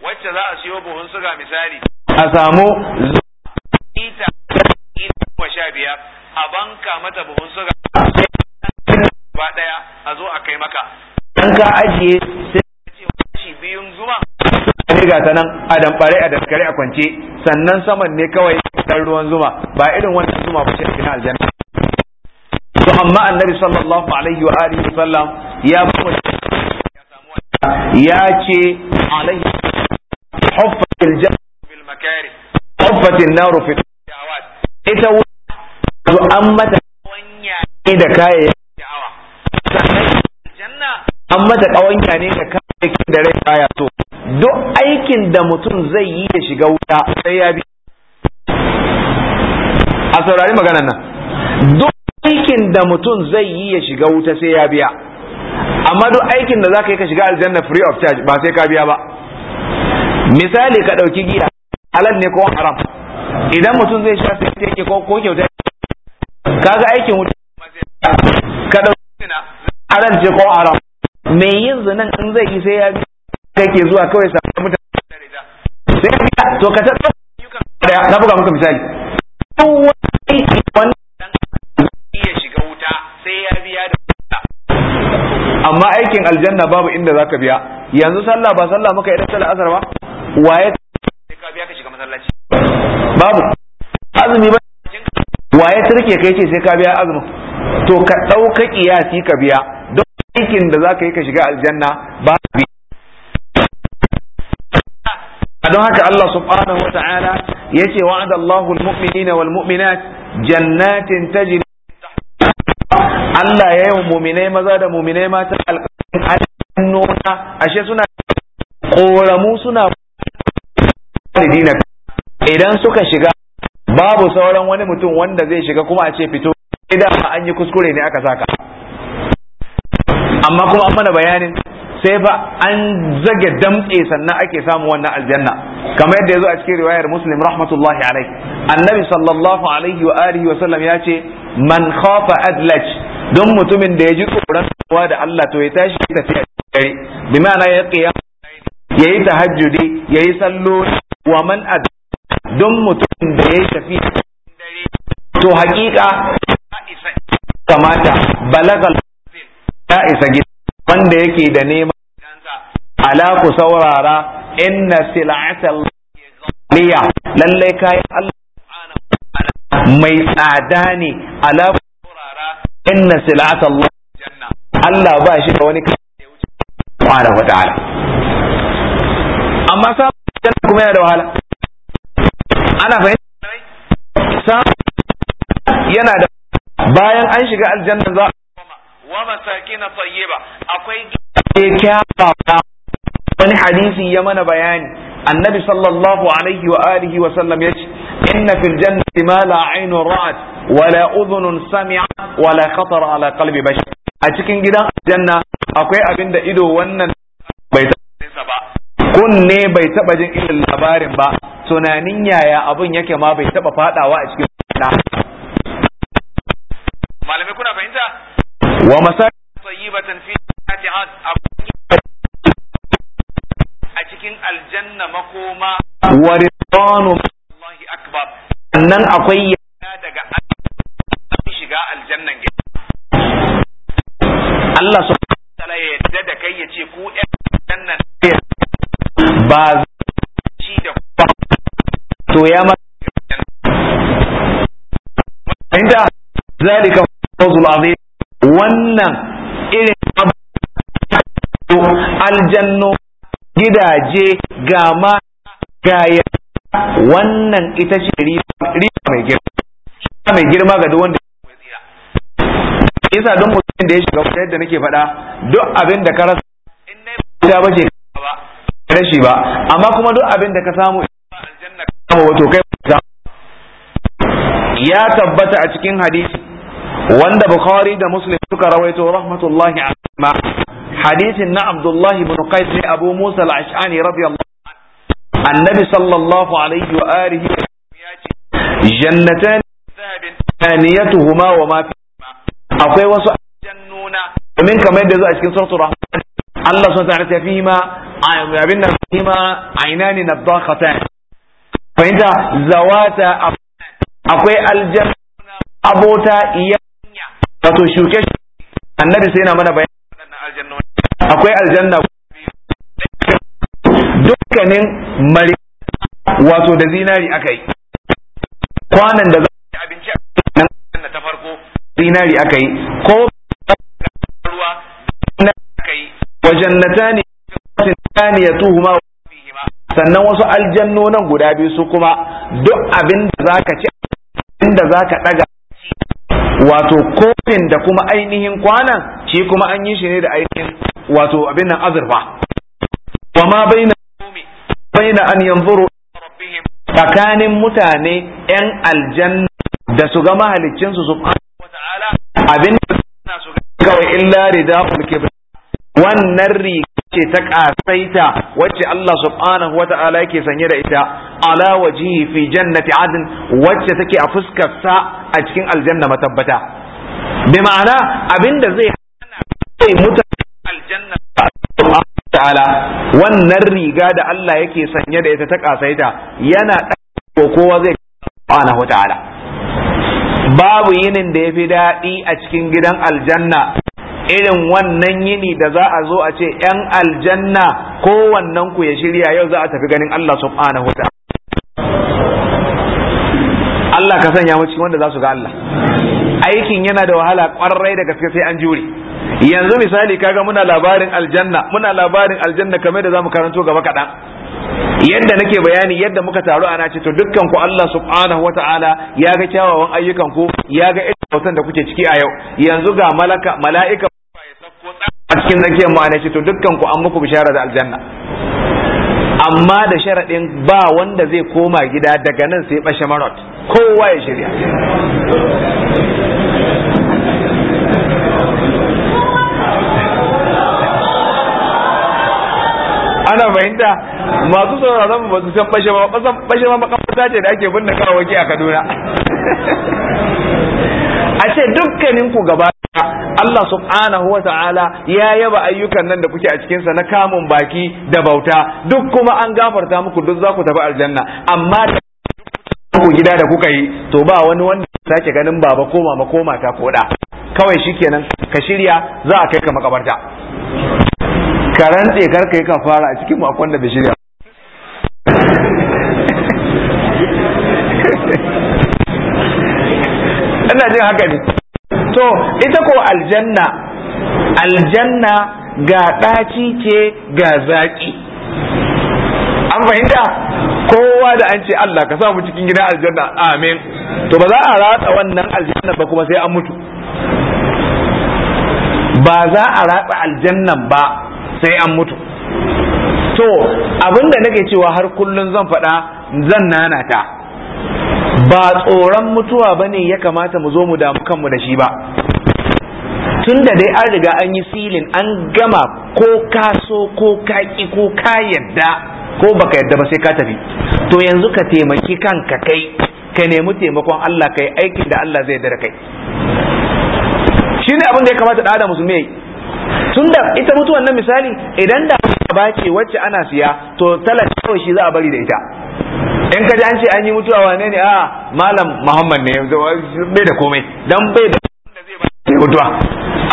wacce za a siyo buhun suga misali a samu ita goma sha biyar a banka mata buhun suga ba daya a zo a kai maka an ka ajiye sai biyun zuma ne ga ta nan a damfare a daskare a kwance sannan saman ne kawai dan ruwan zuma ba irin wannan zuma ba ce cikin aljanna to amma annabi sallallahu alaihi wa alihi sallam ya ya ce alaihi huffatil jannatu fil makari huffatil naru fil shawat ita wato an mata kawanya ne da kayayyakin sha'awa sannan janna an mata kawanya ne da kayayyakin da rai baya so duk aikin da mutum zai yi ya shiga wuta sai saurari maganar nan duk aikin da mutum zai yi ya shiga wuta sai ya biya amma duk aikin da zaka yi ka shiga aljanna free of charge ba sai ka biya ba misali ka ɗauki giya halal ne ko haram idan mutum zai sha sai yake ko ko kyauta kaga aikin wuta ka ɗauki zina halal ce ko haram me yin zinan in zai yi sai ya biya ke zuwa kawai sa mutane sai ka to ka ta na buga muka misali duk wani amma aikin aljanna babu inda ka biya yanzu sallah ba sallah muka yi da asar ba waye ka biya ka shiga masallaci babu azumi ba waye turke kai ce sai ka biya azumin to ka ɗauka kiyasi ka biya don aikin da zaka yi ka shiga aljanna ba biya don haka Allah subhanahu wa ta'ala ya ce, Allahu al-mu'minina wal mu'minat jannatin tajri Allah ya yi muminai maza da muminai mata alƙarfin nuna ashe suna ƙoramu suna idan suka shiga babu sauran wani mutum wanda zai shiga kuma a ce fito Sai idan an yi kuskure ne aka saka amma kuma an mana bayanin sai fa an zage damtse sannan ake samu wannan aljanna kamar yadda ya zo a cikin riwayar muslim rahmatullahi alaihi annabi sallallahu alaihi wa alihi wa sallam ya ce man khafa adlaj don mutumin da ya ji tsoron kowa da Allah to ya tashi ya tafi a dare bi ma'ana ya qiya ya yi tahajjudi ya yi sallo wa man ad don mutumin da ya yi tafi dare to hakika kamata balagal ta isa gida wanda yake da neman ala ku saurara inna sil'atal liya lalle kai Allah mai tsada ne ala furara inna sil'ata Allah janna Allah ba shi da wani kafin ya wuce subhanahu wata'ala amma samun janna kuma yana da wahala ana fahimta samun yana da bayan an shiga aljanna za wa masakina tayyiba akwai gidaje kyawawa wani hadisi ya mana bayani annabi sallallahu alaihi wa alihi wa sallam ya ce إن في الجنة ما لا عين رأت ولا أذن سمعت ولا خطر على قلب بشر أتكين جدا الجنة أقوي أبين إدو ونن بيت kunne bai taba jin irin labarin ba tunanin yaya abun yake ma bai taba fadawa a cikin da malamai kuna fahimta wa masal tayyibatan fi fatihat a cikin aljanna makoma wa ridwanu akbar sannan akwai yana daga shiga aljannan gida Allah subhanahu wa ta'ala ya yadda da kai ya ce ku ɗan aljannan ba ci da ku to ya ma inda zalika fawzul azim wannan irin aljanno gidaje ga ma ga wannan ita ce riba mai girma mai girma ga duk wanda ya tsira yasa don mutum da ya shiga wata yadda nake faɗa duk abin da ka rasa in na yi ba ce ba rashi ba amma kuma duk abin da ka samu aljanna ka samu wato kai ya tabbata a cikin hadisi wanda bukhari da muslim suka rawaito rahmatullahi alaihi hadisin na abdullahi ibn qais ne abu musa al-ash'ani radiyallahu annabi sallallahu alaihi wa alihi ya ce jannatan zahabin wa ma fi akwai wasu jannuna domin kamar yadda zo a cikin suratul rahman Allah subhanahu wa ta'ala fi ma abin nan fi ma ainani nadakhatan fahimta zawata akwai aljanna abota annabi mana akwai aljanna dukkanin mari wato da zinari aka yi kwanan da za a abinci a nan ta farko zinari aka yi ko ruwa aka yi tuhu ma sannan wasu nan guda biyu su kuma duk abin da za ka ci abin da za ka ɗaga wato kofin da kuma ainihin kwanan shi kuma an yi shi ne da ainihin wato abin nan azurfa wa ma bai baina an yanzuru tsakanin mutane yan aljanna da su ga mahalicin su subhanahu wata'ala abin da suna su kawai illa ridaul kibr wannan riga ce ta kasaita wacce Allah subhanahu wata'ala yake sanye da ita ala wajihi fi jannati adn wacce take a fuskar sa a cikin aljanna matabbata bi ma'ana abinda zai hana mutane aljanna ta'ala wannan riga da Allah yake sanye da ita ta kasaita yana ko kowa zai subhanahu wa babu yinin da yafi daɗi a cikin gidan aljanna irin wannan yini da za a zo a ce ‘yan aljanna kowannen ku ya shirya yau za a tafi ganin Allah subhanahu wa Allah ka sanya mu cikin wanda za su ga Allah aikin yana da wahala ƙwarrai da gaske sai an jure yanzu misali kaga muna labarin aljanna muna labarin aljanna kamar da zamu karanto gaba kaɗan yadda nake bayani yadda muka taru ana ce to dukkan ku Allah subhanahu wata'ala ya ga kyawawan ayyukan ku ya ga irin bautan da kuke ciki a yau yanzu ga malaka mala'ika ya sako a cikin tsakiyar mu ana ce to dukkan ku an muku bishara da aljanna amma da sharaɗin ba wanda zai koma gida daga nan sai bashe marot kowa ya shirya ana fahimta masu sauraron ba san bashe ba bashe makabarta ce da ake binne waje a Kaduna a ce dukkanin ku gaba Allah subhanahu wa ta'ala ya yaba ayyukan nan da kuke a cikinsa na kamun baki da bauta duk kuma an gafarta muku duk za ku tafi aljanna amma ku gida da kuka yi to ba wani wanda sake ganin baba ko mama ko mata ko kawai shikenan ka shirya za a kai ka makabarta Karan rantse karka yi kafara a cikin makon da shirya ina jin haka ne to ita ko aljanna aljanna ga ɗaci ce ga zaki, an fahimta kowa da an ce Allah ka samu cikin gidan aljanna amin to ba za a ratsa wannan aljanna ba kuma sai an mutu ba za a ratsa aljannan ba sai an mutu to abinda nake cewa har kullun zan faɗa zan nanata ba tsoron mutuwa ba ne ya kamata mu zo mu damu kanmu da shi ba tun da dai an riga an yi silin an gama ko ka so ko ka ƙi ko ka yadda ko baka yadda ba sai ka tafi to yanzu ka taimaki kanka kai ka nemi taimakon Allah kai aikin da Allah zai dare kai shine abin da ya kamata da musulmi tunda ita mutuwan nan misali idan da ba ce wacce ana siya to talaka kawai shi za a bari da ita in ka ji an ce an yi mutuwa wane ne a ah, malam muhammad ne bai da komai dan bai da zai ba mutuwa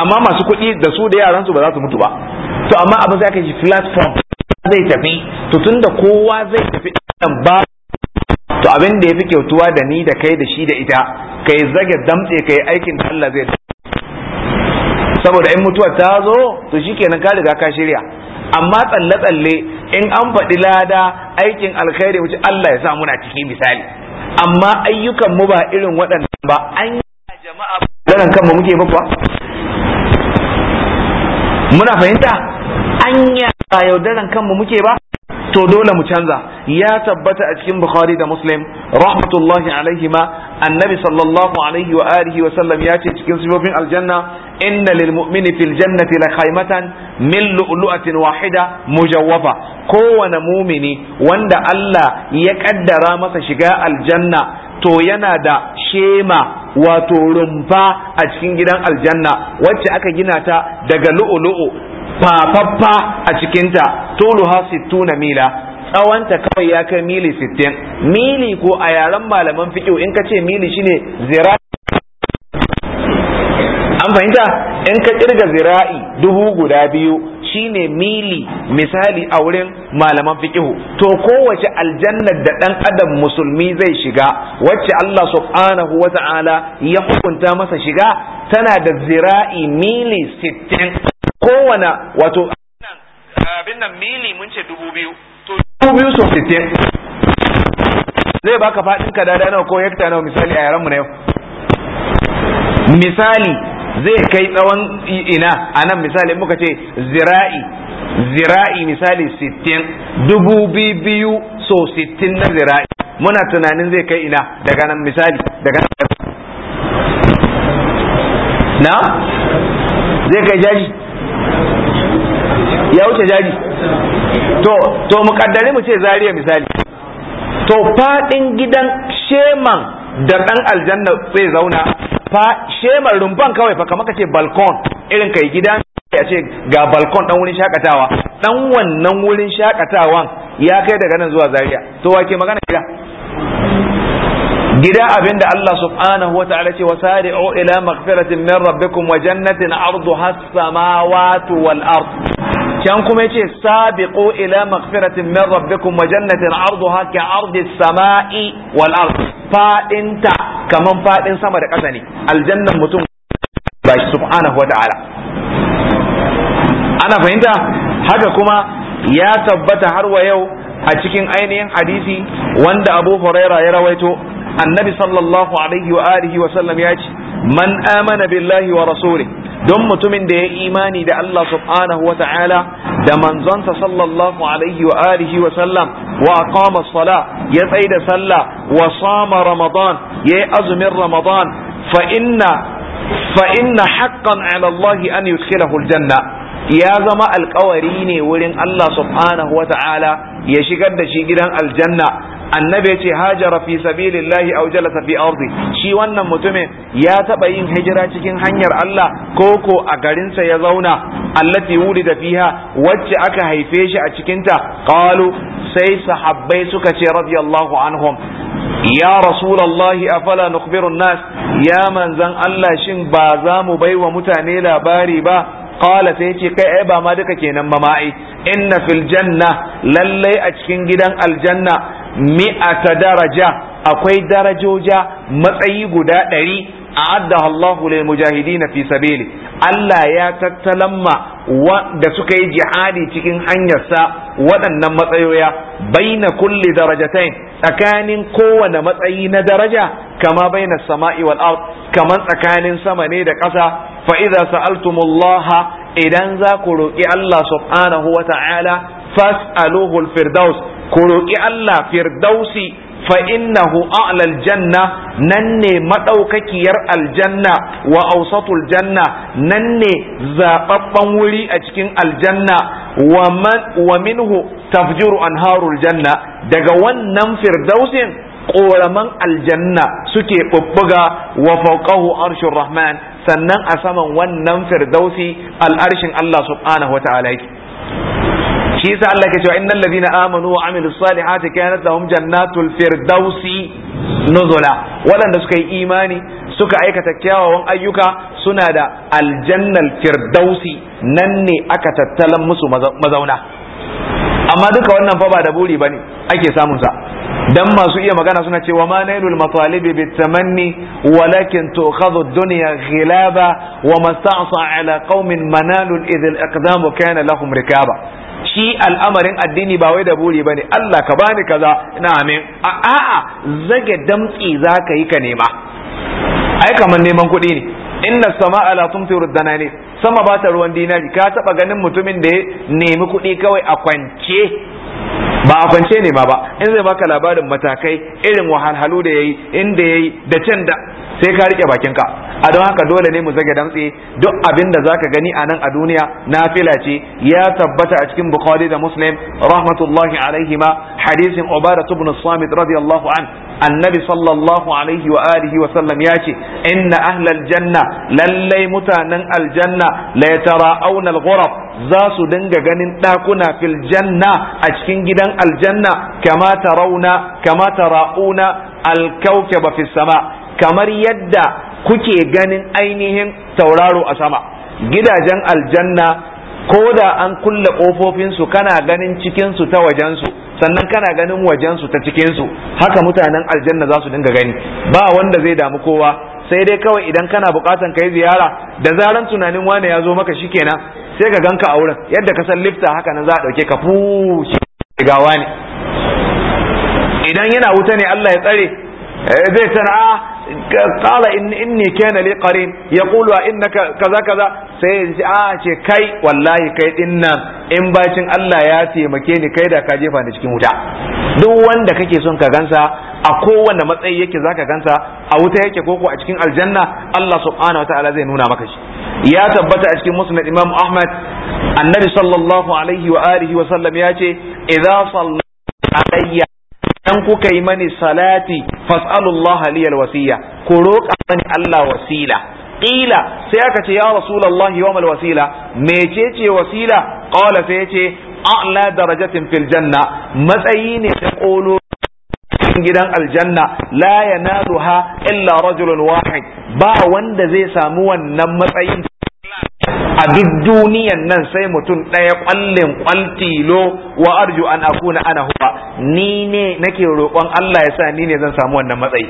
amma masu kuɗi da su da yaran su ba za su mutu ba to amma abin sai aka ji platform zai tafi to tunda kowa zai tafi dan ba to abin da yafi kyautuwa da ni da kai da shi da ita kai zage damtse kai aikin Allah zai saboda in mutuwa ta zo to shikenan ka riga ka shirya amma tsalle tsalle in an faɗi lada aikin alkhairi wuce Allah ya sa muna ciki misali amma ayyukan mu ba irin waɗannan ba an jama'a daren kanmu muke ba muna fahimta anya ba yaudaran kanmu muke ba to dole mu canza ya tabbata a cikin bukhari da muslim rahmatullahi alaihima annabi sallallahu alaihi wa alihi wa sallam ya ce cikin sifofin aljanna inna lil mu'mini fil jannati la khaymatan min lu'lu'atin wahida mujawwafa kowane mumini wanda Allah ya kaddara masa shiga aljanna to yana da shema wato rumfa a cikin gidan aljanna wacce aka gina ta daga lu'ulu'u fafaffa a cikinta ha sittuna mila tsawonta kawai ya kai mili 60 mili ko a yaren malaman fiƙo in ka ce mili shine zira'i. an fahimta in ka kirga zira'i dubu guda biyu shine mili misali a wurin malaman fiqihu to kowace aljannar da ɗan adam musulmi zai shiga wacce Allah subhanahu wa ta'ala ya hukunta masa shiga tana da zira'i mili 60 kowane wato abin nan mili mun ce dubu biyu to dubu biyu so sittin zai baka faɗin ka dada nawa ko hekta nawa misali a mu na yau misali zai kai tsawon ina a nan misali muka ce zira'i zira'i misali sittin dubu biyu so sittin na zira'i muna tunanin zai kai ina daga nan misali daga nan na zai kai jaji ya wuce jaji to to mukaddare mu ce zariya misali to fadin gidan sheman da dan aljanna zai zauna fa sheman rumban kawai fa kamar ce balkon irin kai gidan ya ce ga balkon dan wurin shakatawa dan wannan wurin shakatawan ya kai daga nan zuwa zariya to wake magana gida gida abin Allah subhanahu wa ta'ala ce wasari'u ila maghfiratin min rabbikum wa jannatin arduha as-samawati wal ardh can kuma yace sabiqu ila maghfiratin min rabbikum wa jannatin arduha ka ardi samai wal ard fadinta kaman fadin sama da ƙasa ne aljannan mutum ba subhanahu wa ta'ala ana fahimta haka kuma ya tabbata har wa yau a cikin ainihin hadisi wanda Abu Huraira ya rawaito annabi sallallahu alaihi wa alihi wa sallam ya ce man amana billahi wa rasuli don mutumin da ya imani da Allah subhanahu wa ta'ala da manzonsa sallallahu alaihi wa alihi wa sallam wa aqama sala ya tsaida sallah wa sama ramadan yayi azumin ramadan fa inna fa inna haqqan ala Allah an yudkhilahu aljanna ya zama alkawari ne wurin Allah subhanahu wa ta'ala ya shigar da shi gidan aljanna annabi ya ce hajara fi sabilillahi aw jalasa fi ardi shi wannan mutumin ya taba yin hijira cikin hanyar Allah ko ko a garinsa ya zauna allati wulida fiha wacce aka haife shi a cikin ta qalu sai sahabbai suka ce radiyallahu anhum ya rasulallahi afala nukhbirun nas ya manzan Allah shin ba za mu baiwa mutane labari ba qala sai yace kai ai ba ma duka kenan ba ma ai inna fil janna lallai a cikin gidan aljanna mi'ata daraja akwai darajoja matsayi guda ɗari a'addaha Allahu lil mujahidina fi sabili Allah ya tattalamma da suka yi jihadi cikin hanyarsa waɗannan matsayoya baina kulli darajatain tsakanin kowane matsayi na daraja kama baina sama'i wal ard kaman tsakanin sama ne da ƙasa fa idza sa'altumullaha idan za ku roƙi Allah subhanahu wata'ala ta'ala fas'aluhu al-firdaus ku roƙi Allah firdausi fa innahu a'la aljanna nan ne madaukakiyar aljanna wa awsatul janna nan ne zababban wuri a cikin aljanna wa minhu tafjuru anharul janna daga wannan firdausin koraman aljanna suke bubbuga wa fawqahu arshur rahman sannan a saman wannan firdausi al'arshin Allah subhanahu wa yake shi yasa Allah ke cewa innal ladina amanu wa amilus salihati kanat lahum jannatul firdausi nuzula waɗanda suka yi imani suka aikata kyawawan ayyuka suna da aljannal firdausi nan ne aka tattalan musu mazauna amma duka wannan fa ba da buri bane ake samun sa dan masu iya magana suna cewa ma nailul matalibi bitamanni walakin tu'khadhu ad-dunya ghilaba wa masta'sa ala qaumin manalul idh al-aqdamu kana lahum rikaba shi al'amarin addini ba wai da buri ne. Allah ka bani kaza ina amin a'a zage damtsi zaka yi ka nema ai kamar neman kuɗi ne inna sama'a la tumtiru danani sama ba ta ruwan dinari ka taba ganin mutumin da ya nemi kuɗi kawai a kwance ba a kwance ne ba ba in zai baka labarin matakai irin wahalhalu da yayi inda yayi da can da sai ka rike bakinka a don haka dole ne mu zage damtse duk abin da zaka gani a nan a duniya nafila ce ya tabbata a cikin bukhari da muslim rahmatullahi alaihima hadisin ubada ibn samit radiyallahu an annabi sallallahu alaihi wa alihi wa sallam ya ce inna ahlal janna lallai mutanen aljanna la yatara'awna al za su dinga ganin ɗakuna fil janna a cikin gidan aljanna kama tarauna kama tara'una al fis sama kamar yadda kuke ganin ainihin tauraro a sama gidajen aljanna ko da an kulle ƙofofinsu kana ganin cikinsu ta wajensu sannan kana ganin wajensu ta cikinsu haka mutanen aljanna za su dinga gani ba wanda zai damu kowa sai dai kawai idan kana bukatan kai ziyara da zaran tunanin wane ya zo maka shikenan sai ka ganka a wurin yadda ka san lifta haka nan za a ɗauke ka fushi ga wani idan yana wuta ne Allah ya tsare eh, zai tana ah, قال إن إني ya لي a يقول إنك كذا كذا sai a ce kai wallahi kai din nan in bacin Allah ya taimake ni kai da ka jefa ni cikin wuta duk wanda kake son ka gansa a kowanne matsayi yake zaka gansa a wuta yake koko a cikin aljanna Allah subhanahu zai nuna maka shi ya tabbata a cikin musnad Imam Ahmad annabi sallallahu alaihi wa wa sallam ya ce idza salla alayya idan kuka yi mani salati fas'alullaha liyal wasiya ku roƙa mani Allah wasila qila sai aka ce ya rasulullahi wa mal wasila mecece wasila qala sai yace a'la darajatin fil janna matsayi ne da kolo gidan aljanna la yanaluha illa rajulun wahid ba wanda zai samu wannan matsayin a duk duniyan nan sai mutum ɗaya ƙwallin ƙwaltilo wa arju an akuna ana huwa ni ne nake roƙon Allah ya sa ni ne zan samu wannan matsayi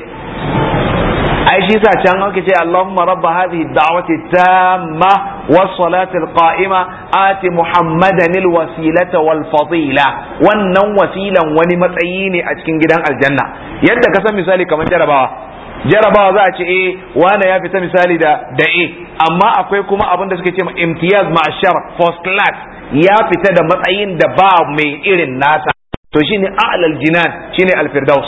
ai shi sa can ake ce Allahumma rabba hadhihi da'wati tamma was salati qa'ima ati muhammadan wasilata wal fadila wannan wasilan wani matsayi ne a cikin gidan aljanna yadda ka san misali kamar jarabawa jarabawa za a ce eh wane ya fita misali da da e amma akwai kuma abin da suke ce imtiyaz ma'ashar first class ya fita da matsayin da ba mai irin nasa to shine a'lal jinan shine al-firdaus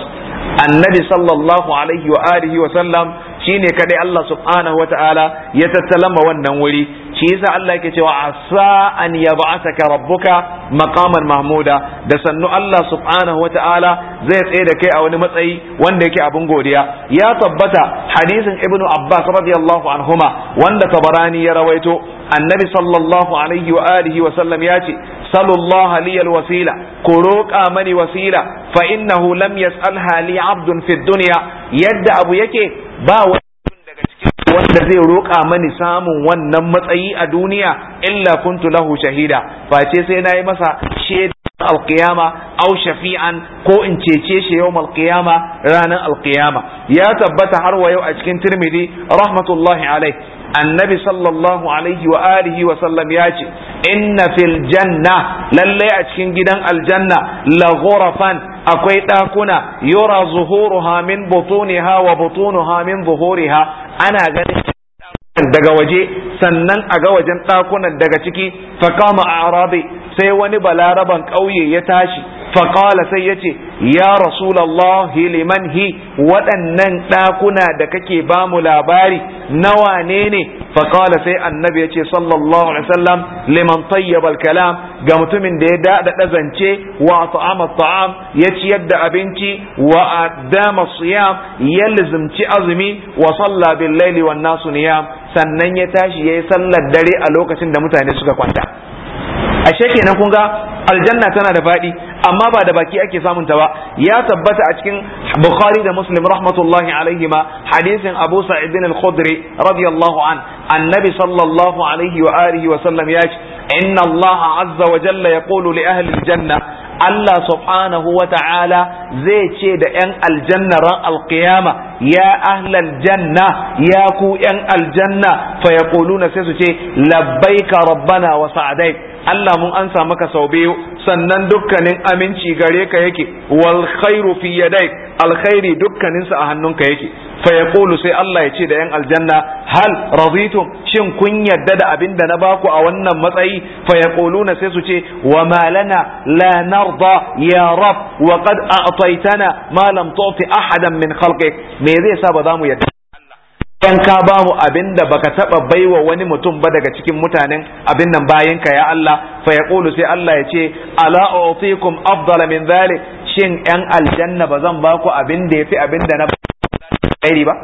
annabi sallallahu alaihi wa alihi wa sallam shine kadai Allah subhanahu wa ta'ala ya tattalama wannan wuri shi yasa Allah yake cewa asa an yab'ataka rabbuka maqaman mahmuda da sannu Allah subhanahu ta'ala zai tsaye da kai a wani matsayi wanda yake abin godiya ya tabbata hadisin ibnu abbas radiyallahu anhuma wanda tabarani ya rawaito annabi sallallahu alaihi wa alihi wa sallam ya ce sallallahu liyal wasila ku roƙa mani wasila fa innahu lam yas'alha li abdun fid dunya yadda abu yake ba da zai roƙa mani samun wannan matsayi a duniya illa kuntu lahu shahida face sai na yi masa shaida alqiyama au shafi'an ko in cece shi yau alqiyama ranar alqiyama ya tabbata har wa yau a cikin tirmidhi rahmatullahi alai annabi sallallahu alaihi wa alihi wa sallam ya ce inna fil janna Lallai a cikin gidan aljanna la ghurafan akwai dakuna yura zuhuruha min butuniha wa butunuha min zuhuriha ana ganin daga waje sannan a ga wajen ɗakunan daga ciki faƙama a arabi sai wani balaraban ƙauye ya tashi faƙala sai ya ce ya rasulallahi liman hi waɗannan ɗakuna da kake ba mu labari nawa ne ne faƙala sai annabi ya ce sallallahu alaihi wasallam liman tayyaba kalam ga mutumin da ya daɗaɗa zance wa ta'ama ta'am ya ciyar da abinci wa adama siyam ya lizimci azumi wa salla bil laili wan nasu niyam sannan ya tashi ya yi sallar dare a lokacin da mutane suka kwanta A kenan kun ga aljanna tana da faɗi amma ba da baki ake samun ta ba ya tabbata a cikin bukhari da muslim rahmatullahi alaihi ma hadisin abu sa'id bin al-khudri radiyallahu an annabi sallallahu alaihi wa alihi wa sallam ya ce inna Allah azza wa jalla yaqulu li ahli aljanna Allah subhanahu wa ta'ala zai ce da ‘yan aljanna ran alƙiyama ya ahlal janna ya ku ‘yan aljanna fa ya sai su ce labbaika rabbana wa sa'adai Allah mun ansa maka sau biyu sannan dukkanin aminci gare ka yake wal khairu fi yadai alkhairi dukkaninsa a hannunka yake fa yaqulu sai Allah ya ce da yan aljanna hal razitu, shin kun yadda da abin da na baku a wannan matsayi fa yaquluna sai su ce wa ma lana la narda ya rab wa qad a'taytana ma lam tu'ti ahadan min khalqik me zai sa ba za mu yadda dan ka ba mu abin da baka taba baiwa wani mutum ba daga cikin mutanen abin nan bayanka ya Allah fa kulu sai Allah ya ce ala u'tikum afdala min dhalik shin yan aljanna ba zan baku abin da yafi abin da na kairi ba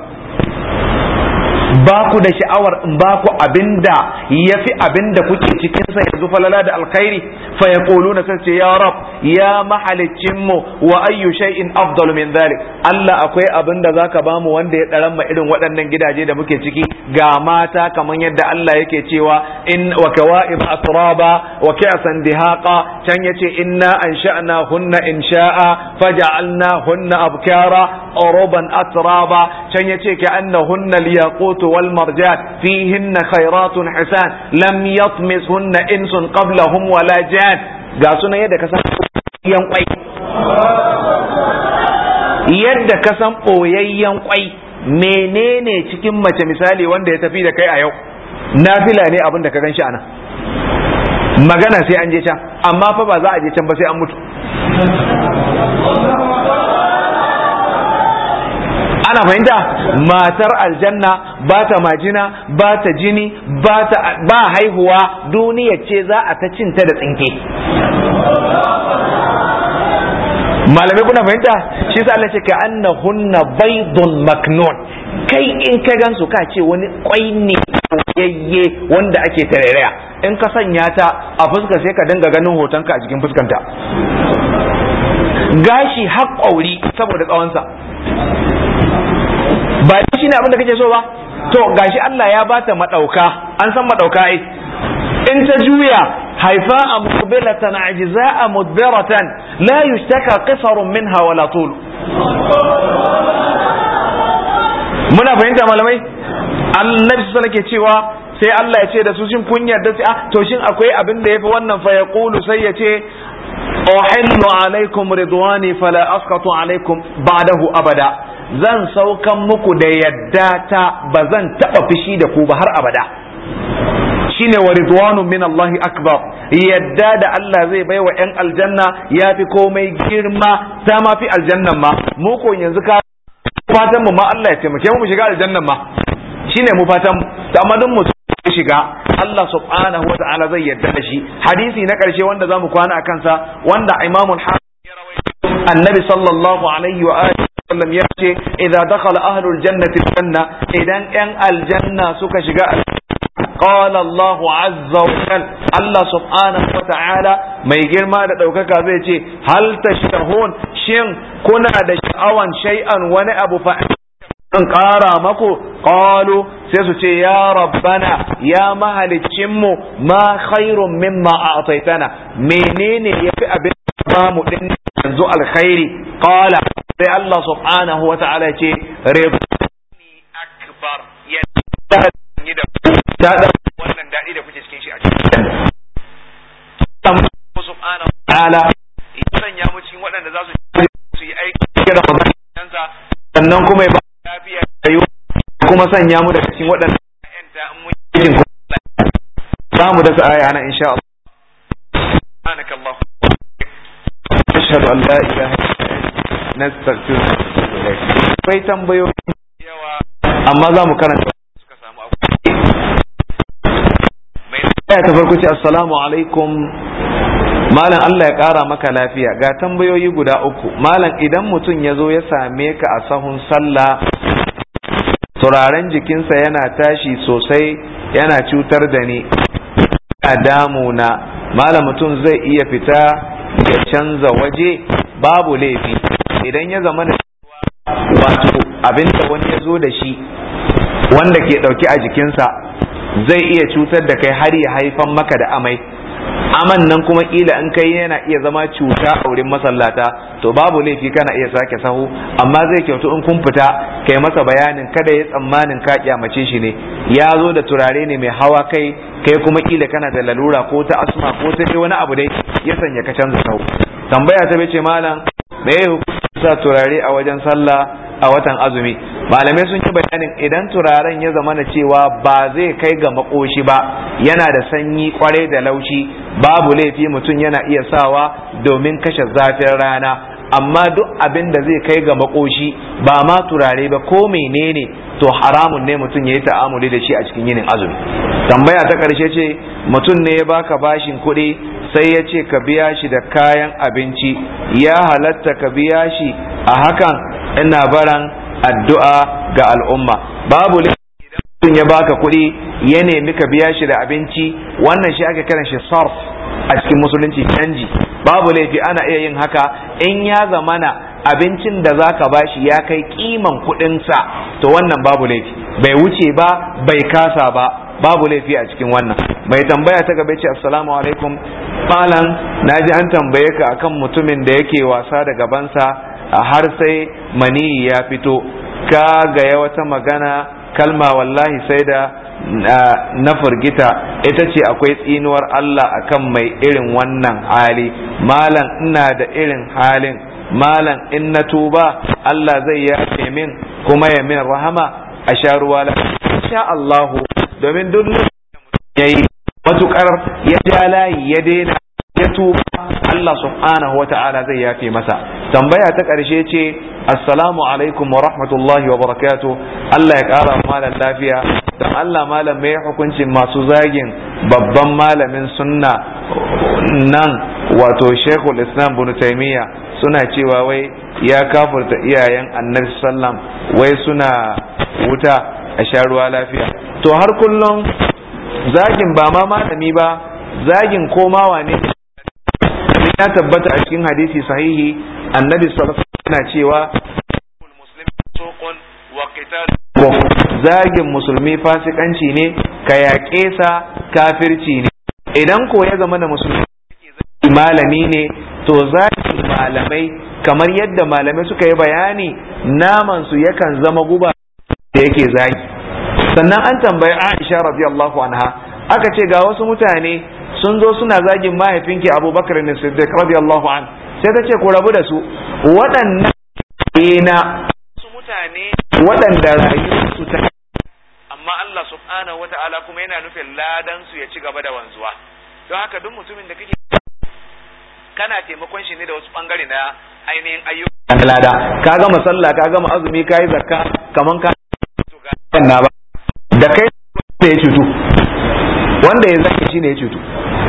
ba ku da sha'awar in ba ku abinda ya fi abinda kuke cikinsa yanzu falala da alkhairi fa yaquluna sai ce ya rab ya mahalicin mu wa ayyu shay'in afdalu min dhalik Allah akwai abin da zaka bamu wanda ya daran ma irin waɗannan gidaje da muke ciki ga mata kamar yadda Allah yake cewa in wa kawa'ib atraba wa ka'san dihaqa can yace inna ansha'na hunna insha'a faja'alna hunna abkara uruban atraba can yace ka annahunna al-yaqut wal marjan fihinna khayratun hisan lam yatmishunna ins insun hum wala jan ga sunan yadda ka san yan kwai yadda ka san boyayyen kwai menene cikin mace misali wanda ya tafi da kai a yau nafila ne abin da ka gan shi anan magana sai an je can amma fa ba za a je can ba sai an mutu ana fahimta matar aljanna ba ta majina ba ta jini ba haihuwa duniya ce za a ta cinta da tsinke malamai kuna fahimta shi sa Allah ce ka annahunna baydun maknun kai in ka gansu ka ce wani kwai ne yayye wanda ake tarayya in ka sanya ta a fuska sai ka dinga ganin hotonka a jikin fuskanta gashi har saboda tsawonsa ba shi ne abin da kake so ba to gashi Allah ya ba ta madauka an san madauka ai in ta juya haifa a mubilatan ajiza a mudbiratan la yushtaka qisarun minha wala tul muna fahimta malamai annabi sallallahu alaihi cewa sai Allah ya ce da su shin kun yarda sai ah, to shin akwai abin da yafi wannan fa ya yaqulu sai ya ce uhillu alaikum ridwani fala asqatu alaikum ba'dahu abada zan saukan muku da yadda ta ba zan taɓa fushi da ku ba har abada shine wa ridwanu min Allahi akbar yadda da Allah zai bai wa 'yan aljanna ya fi komai girma ta ma fi aljannan ma mu yanzu ka fatan mu ma Allah ya taimake mu shiga aljannan ma shine mu fatan amma duk mu shiga Allah subhanahu wa ta'ala zai yadda da shi hadisi na karshe wanda zamu kwana a kansa wanda imamul hakim ya rawaito annabi sallallahu alaihi wa alihi wasallam ya dakhala ahlul jannati janna idan yan aljanna suka shiga قال الله عز وجل الله سبحانه وتعالى mai girma da ɗaukaka zai ce hal tashtahun shin kuna da sha'awan shay'an wani abu fa in ƙara mako ƙalu sai su ce ya rabbana ya mahalicinmu ma khairun mimma a ataitana menene ya fi abin ba mu ɗin yanzu alkhairi ƙala sai Allah subhanahu wa ta'ala ya ce rebani akbar ya yi da ta da wannan dadi da kuke cikin shi a cikin Allah subhanahu wa ta'ala ya sanya mu cikin waɗanda za su yi aiki da maganansa sannan kuma ya ba lafiya da yi. kuma sanya mu daga cikin waɗanda yanta mun yi cikin za mu dasa aya nan insha Allah سبحانك اللهم وبحمدك أشهد أن لا إله إلا nastaghfiru mai ta farko ce assalamu alaikum malam Allah ya ƙara maka lafiya ga tambayoyi guda uku malam idan mutum ya zo ya same ka a sahun sallah turaren jikinsa yana tashi sosai yana cutar da ni a damuna malam mutum zai iya fita ya canza waje babu laifi idan ya zama da wato da wani ya zo da shi wanda ke ɗauki a jikinsa zai iya cutar da kai har ya haifan maka da amai aman nan kuma kila in kai yana iya zama cuta a wurin masallata to babu laifi kana iya sake sahu amma zai kyautu in kun fita kai masa bayanin kada ya tsammanin ka kyamace shi ne ya zo da turare ne mai hawa kai kai kuma kila kana da lalura ko ta asma ko ta wani abu dai ya sanya ka canza sahu tambaya ta bace malam me ya sa turare a wajen sallah a watan azumi malamai sun yi bayanin idan turaren ya zama na cewa ba zai kai ga makoshi ba yana da sanyi kwarai da laushi babu laifi mutum yana iya sawa domin kashe zafin rana amma duk abin da zai kai ga makoshi ba ma turare ba ko menene to haramun ne mutum ya yi ta'amuli da shi a cikin yinin azumi tambaya ta karshe ce mutum ne ya baka bashin kuɗi sai ya ce ka biya shi da kayan abinci ya halatta ka biya shi a hakan ina baran addu'a ga al'umma babu mutum ya baka kuɗi ya nemi ka biya shi da abinci wannan shi ake kiran shi sarf a cikin musulunci canji babu laifi ana iya yin haka in ya zamana abincin da za ka bashi ya kai kiman kuɗinsa to wannan babu laifi bai wuce ba bai kasa ba babu laifi a cikin wannan mai tambaya ta gaba ce assalamu alaikum malam na ji an tambaye ka akan mutumin da yake wasa da gabansa har sai maniyi ya fito ka gaya wata magana kalma wallahi sai da na firgita ita ce akwai tsinuwar Allah akan mai irin wannan hali malam ina da irin halin malam in na tuba Allah zai yafe min kuma ya min rahama a sha ruwa insha Allahu domin duk lokacin mutum yayi matukar ya ja layi ya daina ya tuba Allah subhanahu wa ta'ala zai yafe masa tambaya ta ƙarshe ce assalamu alaikum wa rahmatullahi wa barakatuh Allah ya ƙara malam lafiya dan Allah malam mai hukuncin masu zagin babban malamin sunna nan wato Shekul Islam Ibn suna cewa wai ya kafurta iyayen Annabi sallam wai suna wuta a sha ruwa lafiya to har kullum zagin ba ma malami ba zagin komawa ne ya tabbata a cikin hadisi sahihi annabi sallallahu alaihi wasallam yana cewa zagin musulmi fasikanci ne ka yaƙe sa kafirci ne idan ko ya zama da musulmi malami ne to zagin malamai kamar yadda malamai suka yi bayani naman su yakan zama guba da yake zagi sannan an tambayi Aisha radiyallahu anha aka ce ga wasu mutane sun zo suna zagin mahaifinki abubakar ne siddiq radiyallahu an sai ta ce ku rabu da su waɗannan na su mutane waɗanda rayuwarsu ta amma Allah subhanahu wata'ala kuma yana nufin ladan su ya ci gaba da wanzuwa don haka duk mutumin da kake kana taimakon shi ne da wasu bangare na ainihin ayyuka na lada ka gama sallah ka gama azumi ka yi zakka kaman ka na ba da kai da ya cutu wanda ya zaki shi ne ya cutu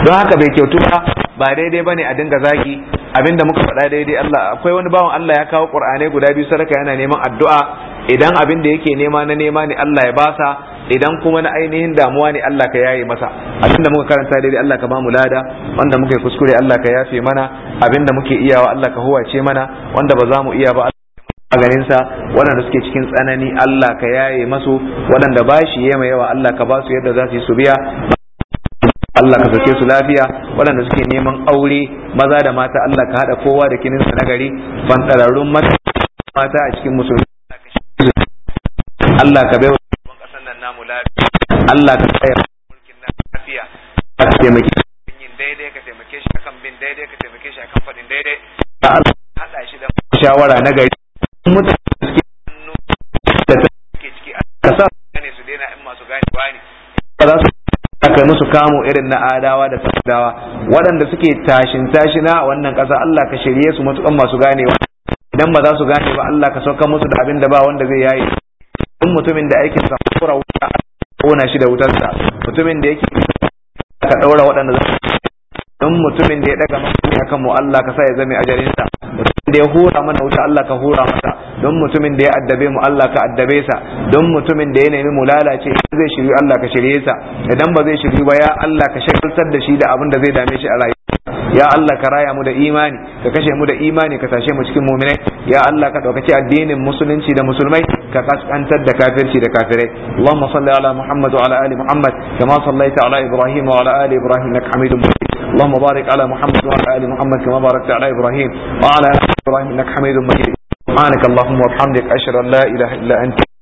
don haka bai kyautu ba ba daidai ba ne a dinga zagi abinda muka faɗa daidai Allah akwai wani bawan Allah ya kawo ƙur'ani guda biyu sadaka yana neman addu'a idan abin da yake nema na nema ne Allah ya basa idan kuma na ainihin damuwa ne Allah ka yaye masa abinda muka karanta daidai Allah ka bamu lada wanda muka kuskure Allah ka yafe mana abinda muke iyawa Allah ka huwace mana wanda ba za mu iya ba maganinsa waɗanda suke cikin tsanani Allah ka yaye masu waɗanda ba shi yema yawa Allah ka ba su yadda za su yi su biya Allah ka sauke su lafiya waɗanda suke neman aure maza da mata Allah ka haɗa kowa da kininsa na gari fantararrun mata a cikin musulmi Allah ka baiwa shugaban ƙasar nan namu lafiya Allah ka tsaya mulkin nan lafiya ka taimake shi yin daidai ka taimake shi akan bin daidai ka taimake shi akan fadin daidai Allah haɗa shi da shawara nagari gari mutane kai musu kamo irin na adawa da sadawa waɗanda suke tashin tashina a wannan ƙasa Allah ka shirye su matukan masu ganewa idan ba za su gane ba Allah ka sauka musu da abin da ba wanda zai yayi in mutumin da aikin sa kura wuta ona shi da wutarsa mutumin da yake ka ɗaura waɗanda za su in mutumin da ya daga mutum akan mu Allah ka sa ya zame sa da ya hura mana wuta Allah ka hura masa don mutumin da ya addabe mu Allah ka addabe sa don mutumin da ya nemi mu lalace zai shiryu Allah ka shirye sa idan ba zai shiryu ba ya Allah ka shagaltar da shi da abin da zai dame shi a rayuwa ya Allah ka raya mu da imani ka kashe mu da imani ka sashe mu cikin muminai ya Allah ka ɗaukaci addinin musulunci da musulmai ka kaskantar da kafirci da kafirai Allahumma salli ala Muhammad wa ala ali Muhammad kama sallaita ala Ibrahim wa ala Ibrahim innaka اللهم بارك على محمد وعلى ال محمد كما باركت على ابراهيم وعلى ال ابراهيم انك حميد مجيد سبحانك اللهم وبحمدك اشهد ان لا اله الا انت